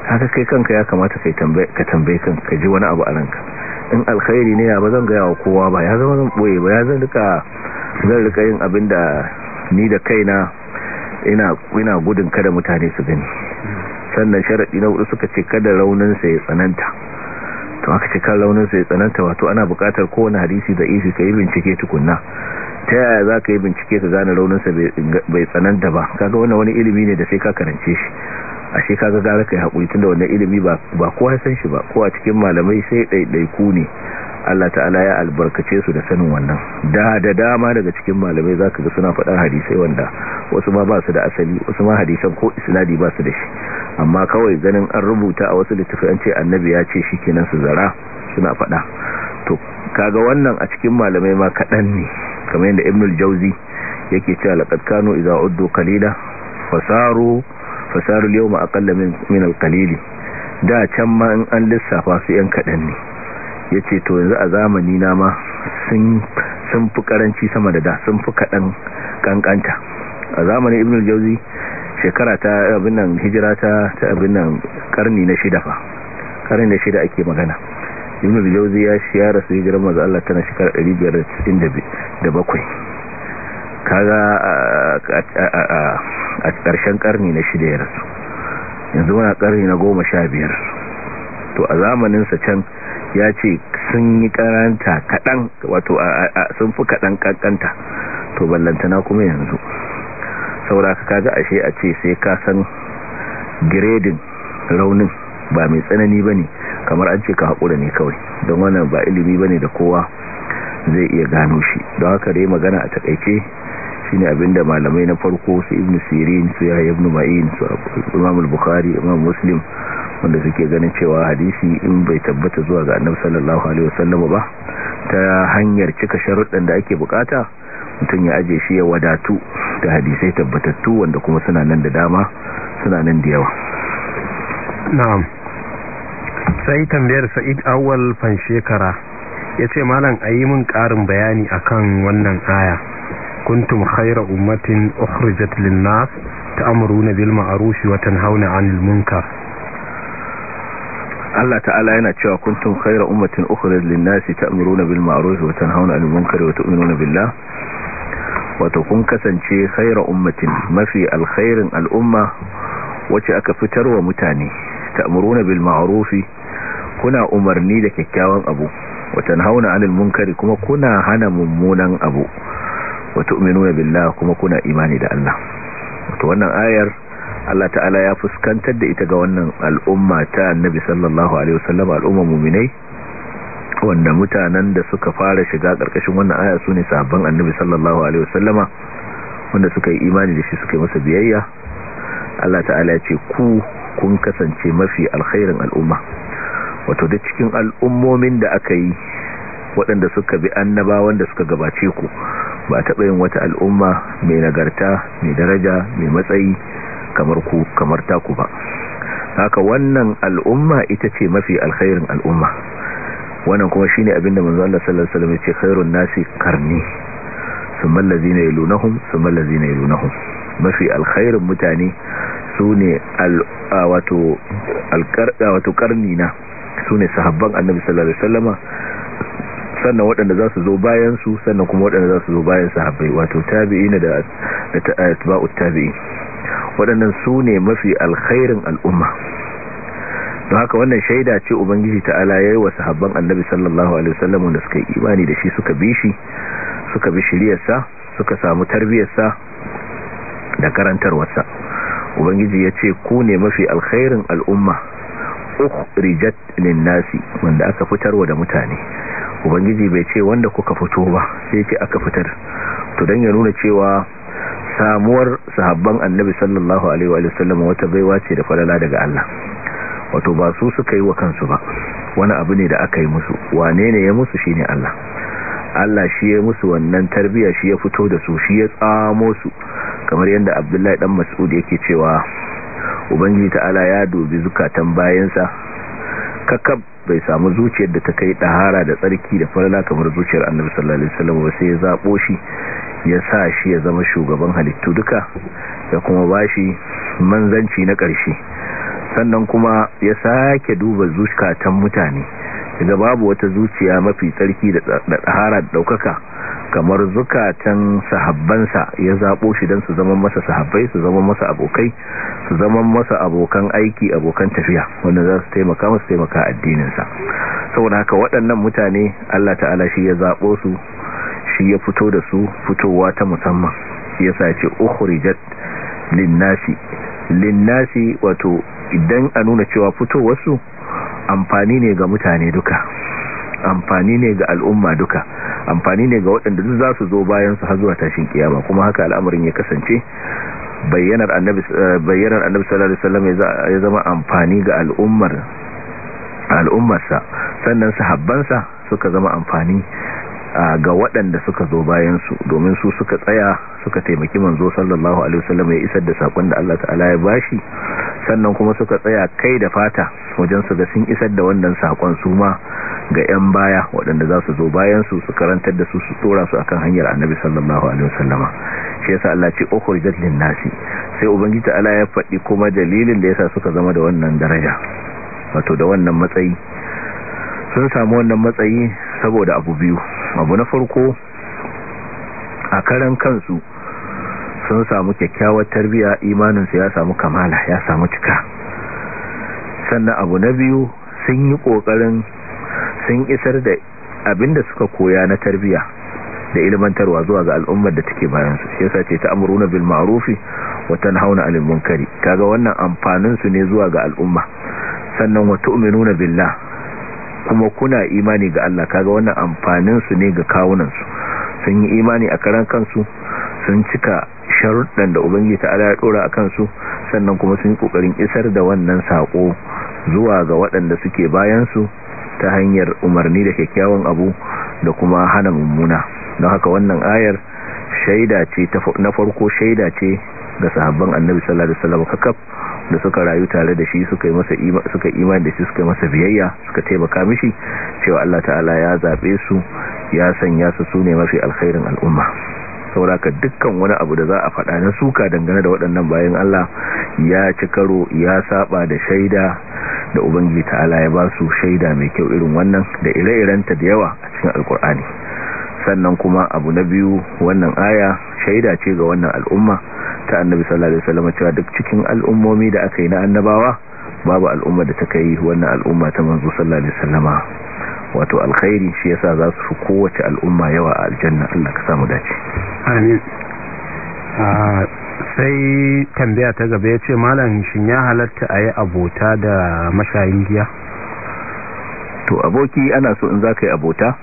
haka kai kanka ya kamata ka tambaye kan ka ji wani abu a ranka in alkhairi ne ya ba zan gaya wa kowa ba ya zama zan ɓoye ba ya zan rika zan rika yin abin da ni da kaina ina ina gudun kada mutane su gani sannan sharaɗi na hudu suka ce kada rauninsa ya tsananta to aka ce kan rauninsa ya tsananta wato ana buƙatar kowane hadisi da isi ka yi bincike tukunna ta yaya za ka yi bincike ka gane rauninsa bai tsananta ba kaga wannan wani ilimi ne da sai ka karance shi ashe kaga gara ka yi hakuri da wannan ilimi ba ko ya san shi ba ko a cikin malamai sai ɗaiɗaiku ne Allah ta'ala ya albarkace su da sanin wannan da da dama daga cikin malamai za ka ga suna faɗar hadisai wanda wasu ma ba su da asali wasu ma hadisan ko isnadi ba su da shi amma kawai ganin an rubuta a wasu littafi an ce annabi ya ce shi kenan su zara suna faɗa to kaga wannan a cikin malamai ma kaɗan ne kamar yadda ibnul jauzi yake cewa laqad kanu idza uddu qalila fasaru fasaru al-yawma min al da can ma in an lissafa su yan kaɗan ne yace to yanzu a zamani na ma sun fi karanci sama da da sun fi kaɗan kankanta a zamanin ibnul jauzi shekara ta abin nan hijira ta abin nan karni na shida fa karni na shida ake magana ibn al-jawzi ya shiyara sai hijirar manzo Allah tana shekara 597 kaga a karshen karni na shida ya rasu yanzu wana karni na goma sha biyar to a zamaninsa can ya ce sun yi karanta kaɗan wato sun fi kaɗan ƙanƙanta to ballantana kuma yanzu saura kaga ashe a ce sai ka san giredin raunin ba mai tsanani ba ne kamar an ce ka haƙura ne kawai don wannan ba ilimi ba ne da kowa zai iya gano shi don haka dai magana a takaice shi ne abinda malamai na farko su ibn sirin su yaya ibn ma'in su imam bukhari imam muslim wanda suke ganin cewa hadisi in bai tabbata zuwa ga annabi sallallahu alaihi wasallam ba ta hanyar cika sharuɗan da ake bukata mutum ya aje shi ya wadatu da hadisai tabbatattu wanda kuma suna nan da dama suna nan da yawa na'am sai tambayar sa'id awwal fan ya ce malam a yi min karin bayani akan wannan aya kuntum khayra ummatin ukhrijat lin-nas ta'muruna bil ma'ruf wa tanhauna 'anil munkar Allah ta'ala yana cewa kuntum khayra ummatin ukhrijat lin-nas ta'muruna bil ma'ruf wa tanhauna 'anil munkar wa tu'minuna billah wato kun kasance khayra ummatin mafi alkhairin al'umma wacce aka fitarwa mutane ta'muruna bil ma'ruf kuna umarni da kyakkyawan abu watan hauna anil munkari kuma kuna hana mummunan abu wa billahi kuma kuna imani da Allah wato wannan ayar Allah ta'ala ya fuskantar da ita ga wannan al'umma ta annabi sallallahu alaihi wasallam al'ummar mu'minai wanda mutanen da suka fara shiga karkashin wannan aya sune sahabban annabi sallallahu alaihi wasallama wanda suka yi imani da shi suka masa biyayya Allah ta'ala ya ce ku kun kasance mafi alkhairin al'umma wato da cikin al'ummomin da aka yi waɗanda suka bi annabawan da suka gabace ku ba taɓa yin wata al'umma mai nagarta mai daraja mai matsayi kamar ku kamar taku ba haka wannan al'umma ita ce mafi alkhairin al'umma wannan kuma shine abinda manzo Allah sallallahu alaihi wasallam ya ce khairun nasi karni thumma allazina yalunhum thumma allazina yalunhum mafi alkhairin mutane sune al wato wato karni na su ne sahabban annabi sallallahu alaihi wasallama sannan waɗanda za su zo bayan su sannan kuma waɗanda za su zo bayan sahabbai wato tabi'ina da da atba'ut tabi'in waɗannan su ne mafi alkhairin al'umma don haka wannan shaida ce ubangiji ta'ala yayi wa sahabban annabi sallallahu alaihi wasallama da suka yi imani da shi suka bi shi suka bi sa suka samu tarbiyarsa da karantarwar sa ubangiji ya ce ku ne mafi alkhairin al'umma ukhrijat lin-nasi wanda aka fitarwa da mutane ubangiji bai ce wanda kuka fito ba sai ce aka fitar to dan ya nuna cewa samuwar sahabban annabi sallallahu alaihi wa sallam wata baiwa ce da falala daga Allah wato ba su suka yi wa kansu ba wani abu ne da aka yi musu wane ne ya musu shine Allah Allah shi ya musu wannan tarbiya shi ya fito da su shi ya tsamo su kamar yadda Abdullahi dan Mas'ud yake cewa ubangiji ta'ala ya dubi zukatan bayansa kakab bai samu zuciyar da ta kai dahara da tsarki da farla kamar zuciyar annabi sallallahu alaihi wasallam ba sai ya zabo shi ya sa shi ya zama shugaban halittu duka da kuma bashi manzanci na ƙarshe sannan kuma ya sake duba zukatan mutane daga babu wata zuciya mafi tsarki da dahara da daukaka kamar zukatan sahabbansa ya zaɓo shi don su zama masa sahabbai su zama masa abokai su zama masa abokan aiki abokan tafiya wanda za su taimaka masu taimaka addininsa saboda haka waɗannan mutane allah ta'ala shi ya zaɓo su shi ya fito da su fitowa ta musamman ya sace ukhrijat linnasi linnasi wato idan a nuna cewa fitowarsu amfani ne ga mutane duka amfani ne ga al'umma duka amfani ne ga waɗanda duk za su zo bayan su har zuwa tashin kiyama kuma haka al'amarin ya kasance bayyanar annabi eh, bayyanar annabi sallallahu alaihi wasallam ya zama amfani ga al'ummar al'ummarsa sannan sahabbansa suka zama amfani ga waɗanda suka zo bayansu domin su suka tsaya suka taimaki manzo sallallahu alaihi wasallam ya isar da sakon da Allah ta'ala ya bashi sannan kuma suka tsaya kai da fata wajen su ga sun isar da wannan sakon su ma ga ƴan baya waɗanda za su zo bayan su karantar da su su tsora su akan hanyar annabi sallallahu alaihi wasallam shi yasa Allah ce ukhrijat lin nasi sai ubangiji ta'ala ya faɗi kuma dalilin da yasa suka zama da wannan daraja wato da wannan matsayi sun samu wannan matsayi saboda abu biyu abu na farko a karan kansu sun samu kyakkyawar tarbiya su ya samu kamala ya samu cika sannan abu na biyu sun yi kokarin sun isar da abinda suka koya na tarbiya da ilmantarwa zuwa ga al'ummar da take bayansu shi yasa ce ta'muruna bil ma'rufi wa tanhauna 'anil munkari kaga wannan amfanin su ne zuwa ga al'umma sannan wa tu'minuna billah kuma kuna imani ga Allah kaga wannan amfanin su ne ga kawunan su sun yi imani a karan kansu sun cika sharuɗan da ubangiji ta ala ya dora a kansu sannan kuma sun yi kokarin isar da wannan sako zuwa ga waɗanda suke bayan su ta hanyar umarni da kyakkyawan abu da kuma hana mummuna don haka wannan ayar shaida ce na farko shaida ce ga sahabban annabi sallallahu alaihi wasallam kakaf da suka rayu tare da shi suka yi masa suka imani da shi suka yi masa biyayya suka taimaka mishi cewa Allah ta'ala ya zabe su ya sanya su sune mafi alkhairin al'umma sauraka dukkan wani abu da za a faɗa na suka dangane da waɗannan bayan Allah ya ci karo ya saba da shaida da ubangiji ta'ala ya ba su shaida mai kyau irin wannan da ire-irenta da yawa a cikin alkur'ani sannan kuma abu na biyu wannan aya shaida ce ga wannan al'umma ta annabi sallallahu alaihi wasallam cewa duk cikin al'ummomi da aka yi na annabawa babu al'umma da ta kai wannan al'umma ta manzo sallallahu alaihi wasallama wato alkhairi shi yasa za su fi kowace al'umma yawa a aljanna Allah ka samu dace amin ah, sai tambaya ta gaba ya ce malam shin ya halatta ayi abota da mashayin giya to aboki ana so in za yi abota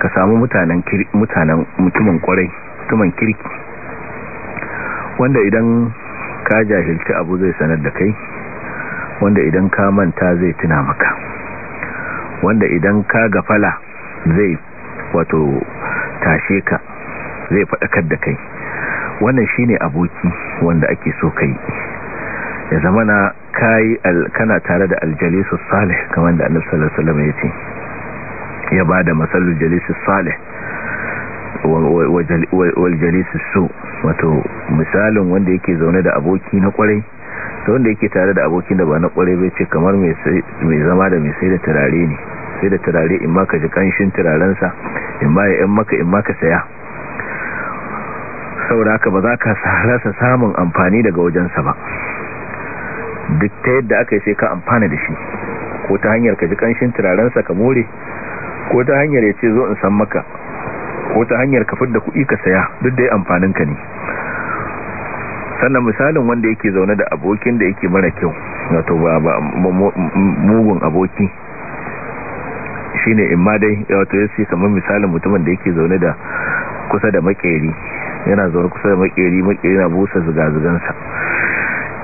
ka samu mutanen mutanen mutumin kwarai mutumin kirki wanda idan ka jahilci abu zai sanar da kai wanda idan ka manta zai tuna maka wanda idan ka gafala zai wato tashe ka zai faɗakar da kai wannan shine aboki wanda ake so kai ya zama na kana tare da aljalisu salih kamar da annabi sallallahu alaihi ya ce ya ba da matsalar jalisun salih wal jalisun su wato misalin wanda yake zaune da aboki na kwarai da wanda yake tare da abokin da ba na kwarai bai ce kamar mai zama da mai sai da turare ne sai da turare in maka ka ji kanshin turarensa in ma ya yan maka in maka ka saya ba za ka rasa samun amfani daga wajensa ba duk ta yadda aka yi sai ka amfana da shi ko ta hanyar ka ji kanshin turarensa ka more ko ta hanyar ya ce zo in san maka ko ta hanyar ka da kuɗi ka saya duk da ya amfanin ka ne sannan misalin wanda yake zaune da abokin da yake mara kyau wato ba mugun aboki ne in ma dai wato ya ce kamar misalin mutumin da yake zaune da kusa da makeri yana zaune kusa da makeri makeri na busa zigazigansa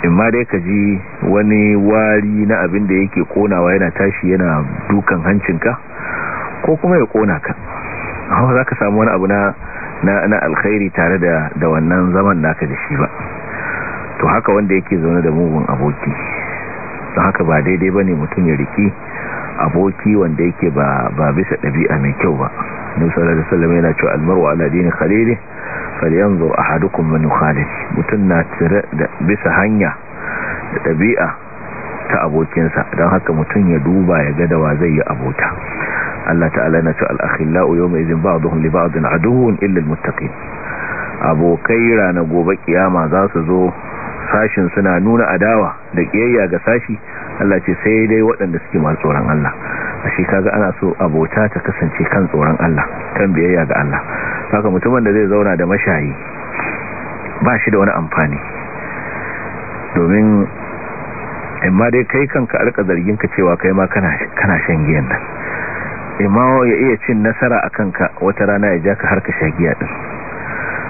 in ma dai ka ji wani wari na abin da yake konawa yana tashi yana dukan hancinka ko kuma ya kona ka amma za ka samu wani abu na alkhairi tare da da wannan zaman naka da shi ba to haka wanda yake zaune da mugun aboki don haka ba daidai bane mutum ya riki aboki wanda yake ba ba bisa ɗabi'a mai kyau ba Nabi sallallahu alaihi wasallam yana cewa almaru ala dini khalili falyanzur ahadukum man yukhalil mutum na tare da bisa hanya da dabi'a ta abokinsa don haka mutum ya duba ya ga da wa zai yi abota Allah ta'ala na ce al-akhillau yawma idhin ba'dhum li ba'dhin aduwwun illa al-muttaqin abokai rana gobe kiyama za su zo sashin suna nuna adawa da kiyayya ga sashi Allah ce sai dai waɗanda suke masu tsoron Allah shi kaga ana so abota ta kasance kan tsoron Allah kan biyayya ga Allah haka mutumin da zai zauna da mashayi ba shi da wani amfani domin amma dai kai kanka alƙa zargin ka cewa kai ma kana shan giyan nan imawa ya iya cin nasara a kanka wata rana ya ja ka har ka shagiya din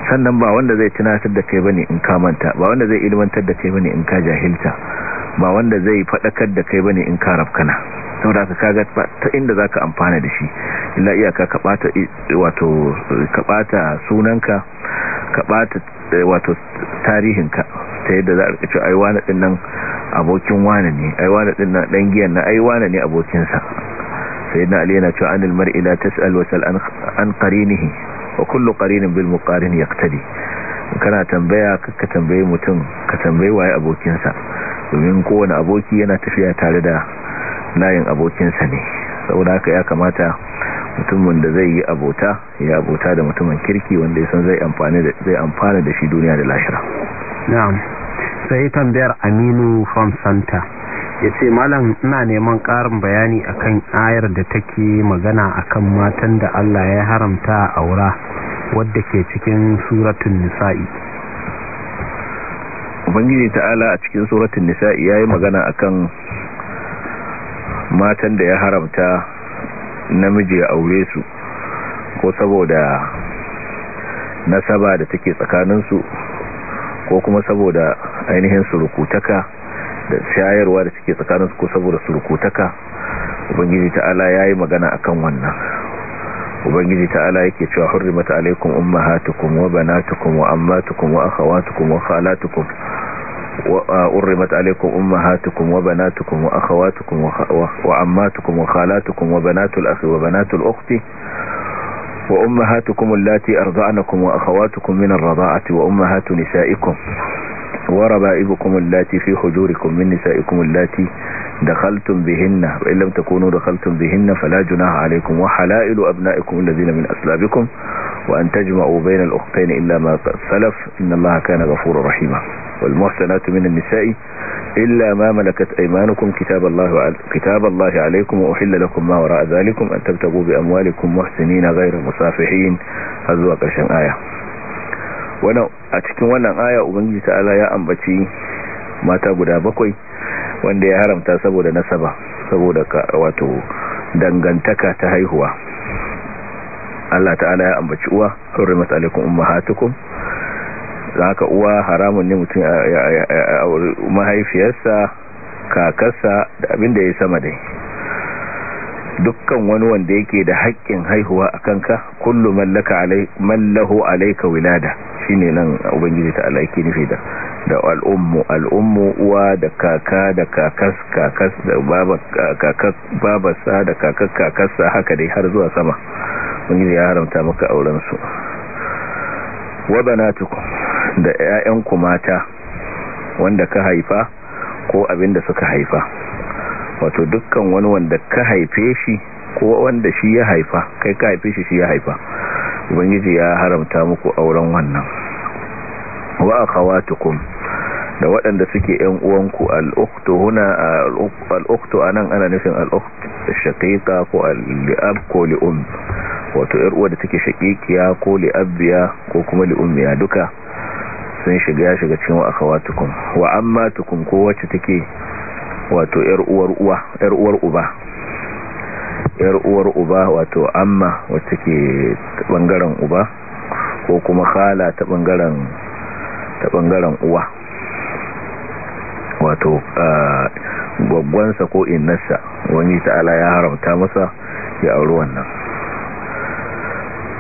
sannan ba wanda zai tunatar da kai bane in ka manta ba wanda zai ilmantar da kai bane in ka jahilta ba wanda zai fadakar da kai bane in ka rafkana saboda ka kaga ta inda za ka amfana da shi illa iyaka ka bata wato ka bata sunanka ka bata eh, wato tarihinka ta yadda za a rikicin cewa ai wani nan abokin wani ne ai wani din nan dan giyan na ai wani ne abokinsa. sayyidina ali na cewa an mar'i ila ta wa an qarinihi wa kullu qarinin bil muqarin yaqtadi kana tambaya ka tambaye mutum ka tambaye waye abokinsa domin kowane aboki yana tafiya tare da layin abokinsa ne saboda haka ya kamata mutumin da zai yi abota ya abota da mutumin kirki wanda ya san zai amfana da shi duniya da lashira. na'am sai tambayar Aminu from Santa ya ce malam ina neman ƙarin bayani akan ayar da take magana akan matan da Allah ya haramta a aura wadda ke cikin suratun nisa'i ubangiji ta'ala a cikin suratun nisa'i ya yi magana akan matan da ya haramta namiji a aure su ko saboda nasaba da take tsakaninsu ko kuma saboda ainihin surukutaka da shayarwa da suke tsakanin su saboda surukutaka ubangiji ta'ala yayi magana akan wannan ubangiji ta'ala yake cewa hurrimat alaikum ummahatukum wa banatukum wa ammatukum wa akhawatukum wa khalatukum وأرمت عليكم أمهاتكم وبناتكم وأخواتكم وعماتكم وخالاتكم wa الأخ وبنات الأخت وأمهاتكم التي أرضعنكم وأخواتكم من الرضاعة وأمهات نسائكم وربائبكم اللاتي في حجوركم من نسائكم اللاتي دخلتم بهن وإن لم تكونوا دخلتم بهن فلا جناح عليكم وحلائل أبنائكم الذين من أسلابكم وأن تجمعوا بين الأختين إلا ما سلف إن الله كان غفورا رحيما والمحسنات من النساء إلا ما ملكت أيمانكم كتاب الله, كتاب الله عليكم وأحل لكم ما وراء ذلكم أن تبتغوا بأموالكم محسنين غير مسافحين هذا هو آية a cikin wannan aya ubangiji ta'ala ya ambaci mata guda bakwai wanda ya haramta saboda nasaba saboda wato dangantaka ta haihuwa Allah ta'ala ya ambaci uwa hurrimat masalikum ummahatukum zaka uwa haramun ne mutum mahaifiyarsa kakarsa da abin da ya sama dai dukkan wani wanda yake da haƙƙin haihuwa a kanka kullu mallaka alai mallahu alayka wilada shine nan ubangiji ta alaiki nufi da da al'ummu al'ummu uwa da kaka da kakas kakas da baba kakas babasa da kakas kakasa haka dai har zuwa sama ubangiji ya haramta maka aurensu su wa banatukum da ƴaƴanku mata wanda ka haifa ko abinda suka haifa wato dukkan wani wanda ka haife shi ko wanda shi ya haifa kai ka haife shi shi ya haifa ubangiji ya haramta muku auren wannan wa akhawatukum da waɗanda suke ‘yan uwanku al-ukhtu huna al a nan ana nufin al'uktu shaqiqa ko al-ab ko li'um wato uwa da take shaqiqiya ko li'abbiya ko kuma li-ummiya duka sun shiga shiga cikin wa akhawatukum wa ammatukum ko wacce take wato yar uwar uwa yar uwar uba yar uwar uba wato amma wacce ke bangaren uba ko kuma khala ta bangaren ta bangaren uwa wato ah, gwaggwansa ko innarsa wani ta'ala ya haramta masa ya auri wannan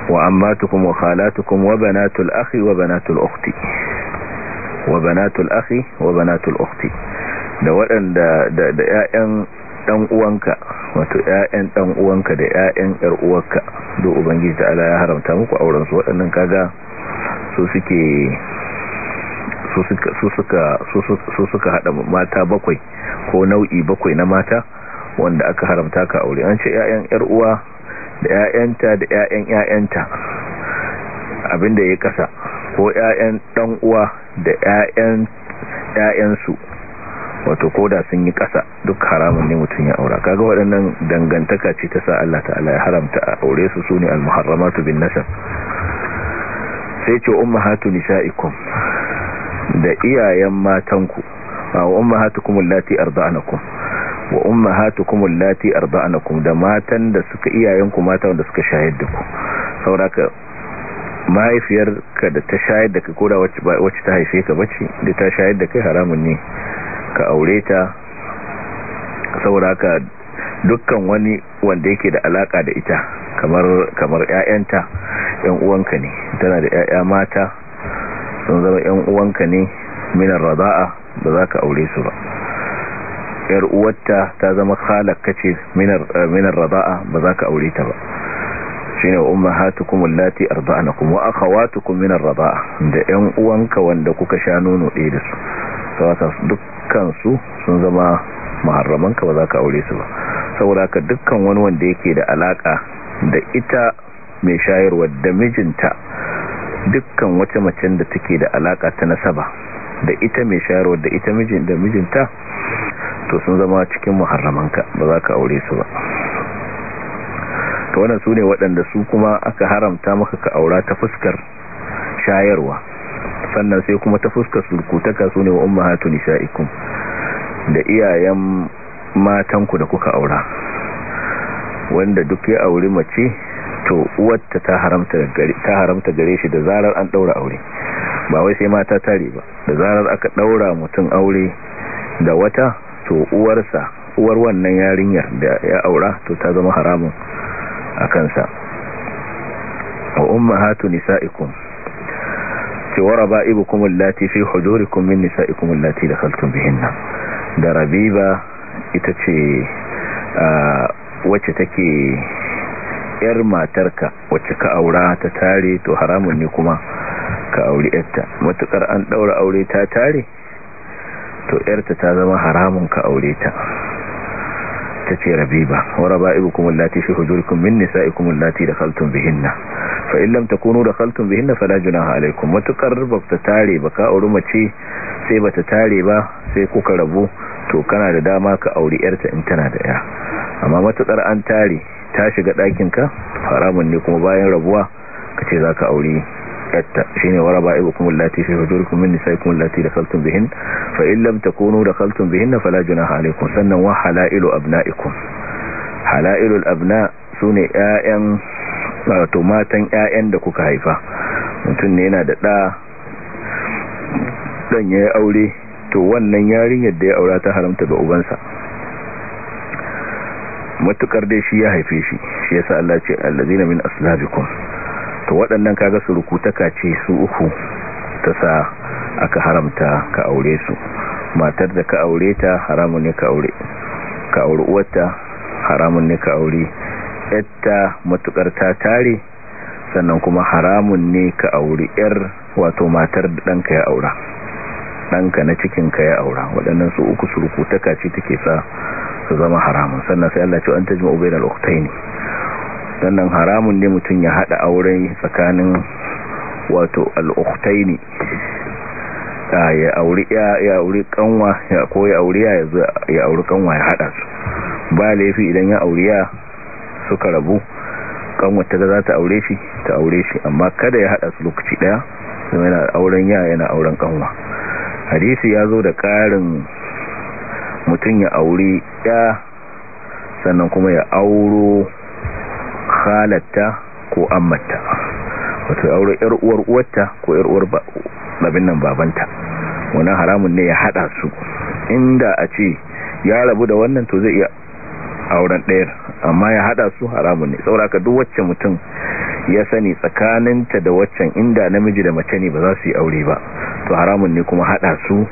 wa ammatukum wa khalatukum wa banatul akhi wa banatul ukhti wa banatul akhi wa banatul ukhti da waɗanda da ‘ya'yan dan uwanka wato ‘ya'yan dan uwanka da ‘ya'yan ‘yar uwanka do ubangiji ta'ala ya haramta muku aurensu waɗannan kaga su suke su suka haɗa mata bakwai ko nau'i bakwai na mata wanda aka haramta ka aure an ce ‘ya'yan ‘yar uwa da ‘ya'yanta da ‘ya'yan ‘ya'yanta abinda ya kasa ko ‘ya'yan ɗan uwa da ‘ya'yan ‘ya'yansu wato koda sun yi ƙasa duk haramun ne mutum ya aura kaga waɗannan dangantaka ce ta sa Allah ta'ala ya haramta a aure su ne al-muharramatu bin nasab sai ce ummahatu nisaikum da iyayen matanku wa ummahatukum allati arda'anakum wa ummahatukum allati arda'anakum da matan da suka iyayenku mata wanda suka shayar da ku sauraka ka da ta shayar da kai ko da wacce ta haife ka bace da ta shayar da kai haramun ne ka aure ta saboda haka dukkan wani wanda yake da alaka da ita kamar kamar ƴaƴanta ƴan uwanka ne tana da ƴaƴa mata sun zama ƴan uwanka ne minar radaa ba za ka aure su ba yar uwarta ta zama khalakka ce minar minar radaa ba za ka aure ta ba shine ummahatukum allati arda'nakum wa akhawatukum minar radaa da ƴan uwanka wanda kuka sha nono ɗaya da su sawata dukkan su sun zama maharramanka ba za ka aure su ba saboda ka dukkan wani wanda yake da alaka da ita mai shayarwa da mijinta dukkan wata macen da take da alaka ta nasaba da ita mai shayarwa da ita mijin da mijinta to sun zama cikin muharramanka ba za ka aure su ba to wannan su ne waɗanda su kuma aka haramta maka ka aura ta fuskar shayarwa sannan sai kuma ta fuskar surkutaka su ne wa umma ummahatu nisaikum da iyayen matanku da kuka aura wanda duk ya auri mace to uwarta ta haramta gare shi da zarar an daura aure ba wai sai mata tare ba da zarar aka daura mutum aure da wata to uwarsa uwar wannan yarinyar da ya aura to ta zama haramun a kansa wa umma ummahatu nisaikum ce wa raba'ibukum allati fi hudurikum min nisa'ikum allati dakhaltum bihinna da rabiba ita ce wacce take yar matarka wacce ka aura ta tare to haramun ne kuma ka auri yarta matukar an daura aure ta tare to yarta ta zama haramun ka aure ta tace rabiba wa raba'ibukum allati fi hujurikum min nisa'ikum allati dakhaltum bihinna fa in lam takunu dakhaltum bihinna fala juna alaykum matukar ta tare baka auri mace sai bata tare ba sai kuka rabu to kana da dama ka auri yarta in tana da ya amma matukar an tare ta shiga ɗakin ka haramun ne kuma bayan rabuwa kace zaka auri. yatta shine waraba ibukum allati fi hujurikum min nisaikum allati dakhaltum bihin fa in lam takunu dakhaltum bihin fala junaha alaykum sannan wa halailu abnaikum halailul abna sune ƴaƴan wato matan ƴaƴan da kuka haifa mutum ne yana da ɗa dan yayi aure to wannan yarinyar da ya aura ta haramta ga ubansa matukar dai shi ya haife shi shi yasa Allah ce allazina min aslabikum to waɗannan kaga su rukutaka ce su uku ta sa aka haramta ka aure su matar da ka aure ta haramun ne ka aure ka aure uwarta haramun ne ka aure yadda matukar ta tare sannan kuma haramun ne ka aure yar wato matar da ɗanka ya aura ɗanka na cikinka ya aura waɗannan su uku surukutaka ce take sa su zama haramun sannan sai Allah ce an tajma ubainal ne. sannan haramun ne mutum ya hada aure tsakanin wato al'uktaini ya auri ya auri kanwa ya ko ya auri ya ya auri kanwa ya hada su ba laifi idan ya auri ya suka rabu kanwa ta za ta aure shi ta aure shi amma kada ya hada su lokaci daya zama yana auren ya yana auren kanwa hadisi ya zo da karin mutum ya auri ya sannan kuma ya auro khalatta ko ammata wato aure yar uwar uwarta ko yar uwar babin nan babanta wannan haramun ne ya hada su inda a ce ya rabu da wannan to zai iya auren ɗayar amma ya hada su haramun ne sauraka duk wacce mutum ya sani tsakaninta da waccan inda namiji da mace ne ba za su yi aure ba to haramun ne kuma hada su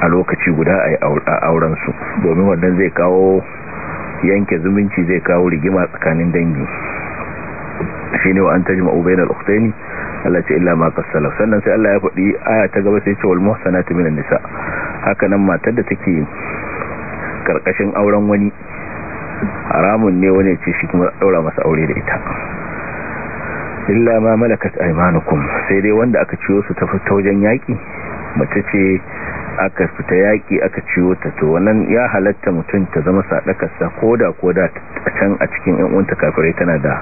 a lokaci guda a auren su domin wannan zai kawo yanke zumunci zai kawo rigima tsakanin dangi ne wa an tajma'u bainal ukhtaini Allah ce illa ma kasala sannan sai Allah ya faɗi aya ta gaba sai ce wal ta minan nisa hakanan matar da take karkashin auren wani haramun ne wani ce shi kuma daura masa aure da ita illa ma malakat aymanukum sai dai wanda aka ciwo su tafi ta wajen yaki mace ce aka fita yaki aka ciwo ta to wannan ya halatta mutum ta zama sadakarsa koda koda a can a cikin yan kafirai tana da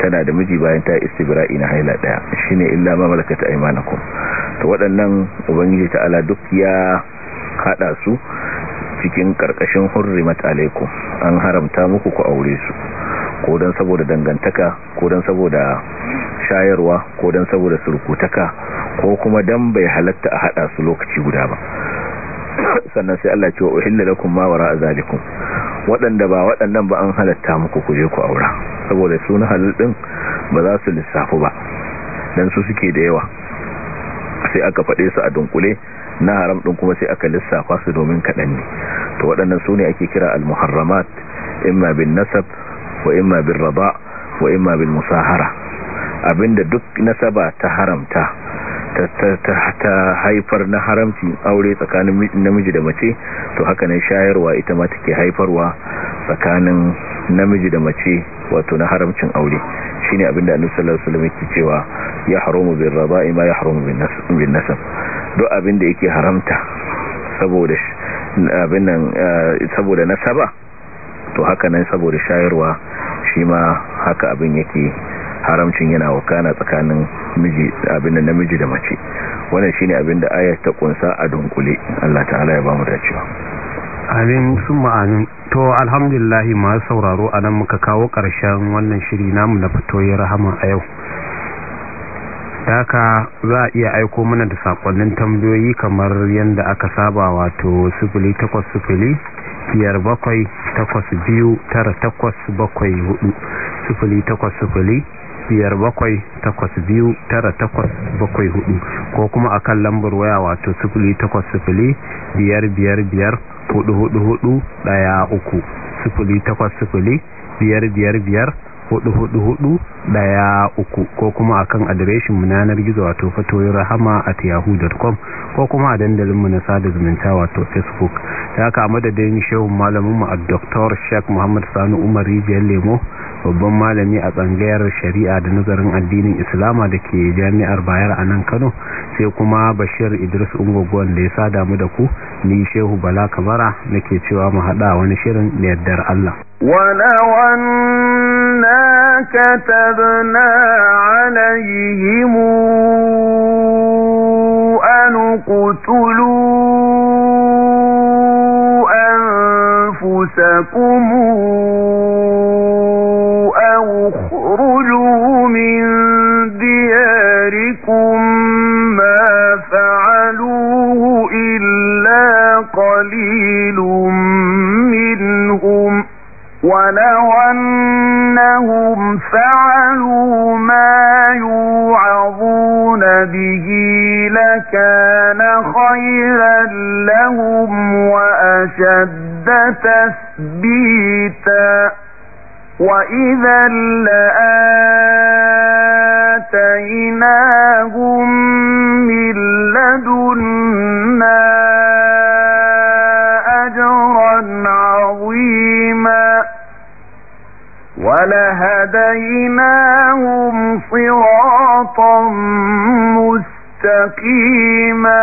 tana da miji bayan ta istibra'i na haila daya shine illa ma malakat aymanakum to waɗannan ubangiji ala duk ya haɗa su cikin karkashin hurrimat alaikum an haramta muku ku aure su ko don saboda dangantaka ko don saboda shayarwa ko don saboda surkutaka ko kuma dan bai halatta a hada su lokaci guda ba sannan sai Allah ce wa uhilla lakum ma wara'a zalikum waɗanda ba waɗannan ba an halatta muku kuje ku aura saboda su na halal din ba za su lissafu ba dan su suke da yawa sai aka faɗe su a dunkule na haram din kuma sai aka lissafa su domin kaɗan ne to waɗannan su ne ake kira al-muharramat imma bin nasab wa imma bin raba wa imma bin musahara abinda duk nasaba ta haramta ta haifar na haramcin aure tsakanin namiji da mace to haka ne shayarwa ita ma take haifarwa tsakanin namiji da mace wato na haramcin aure shine abinda annabi sallallahu alaihi wasallam yake cewa ya haramu bil raba'i ma ya haramu bin nasab duk abinda yake haramta saboda abin nan eh, saboda nasaba to haka nan saboda shayarwa shi ma haka abin yake haramcin yana wakana tsakanin miji abin da namiji da mace wannan shine abin da ayat ta kunsa a dunkule Allah ta'ala ya bamu mu dacewa amin summa amin to alhamdulillah masu sauraro nan muka kawo ƙarshen wannan shiri namu na fito ya rahama a yau haka za a iya aiko mana da sakonnin tambayoyi kamar yadda aka saba wato sifili takwas sifili biyar bakwai takwas biyu tara takwas bakwai hudu sifili takwas sifili biyar bakwai takwas biyu tara takwas bakwai hudu ko kuma akan lambar waya wato sifili takwas sifili biyar biyar biyar hudu hudu hudu daya uku sifili takwas sifili biyar biyar biyar hudu hudu hudu daya uku ko kuma akan adireshin mu yanar gizo wato fatoyin rahama a yahoo.com ko kuma a dandalin mu na sada zumunta wato facebook ta haka a madadin shehun malamin mu a dr shek muhammad sani umar rijiyar lemo babban malami a tsangayar shari'a da nazarin addinin islama da ke jami'ar bayar a nan kano sai kuma bashir idris ungogon da ya sada mu da ku ni shehu bala na ke cewa mu haɗa wani shirin da yardar allah كتبنا أنفسكم أو اخرجوا من دياركم ما فعلوه إلا قليل منهم فعلوا ما يوعظون به لكان خيرا لهم وأشد تثبيتا وإذا لآتيناهم من لدنا أجرا عظيما ولهديناهم صراطا مستقيما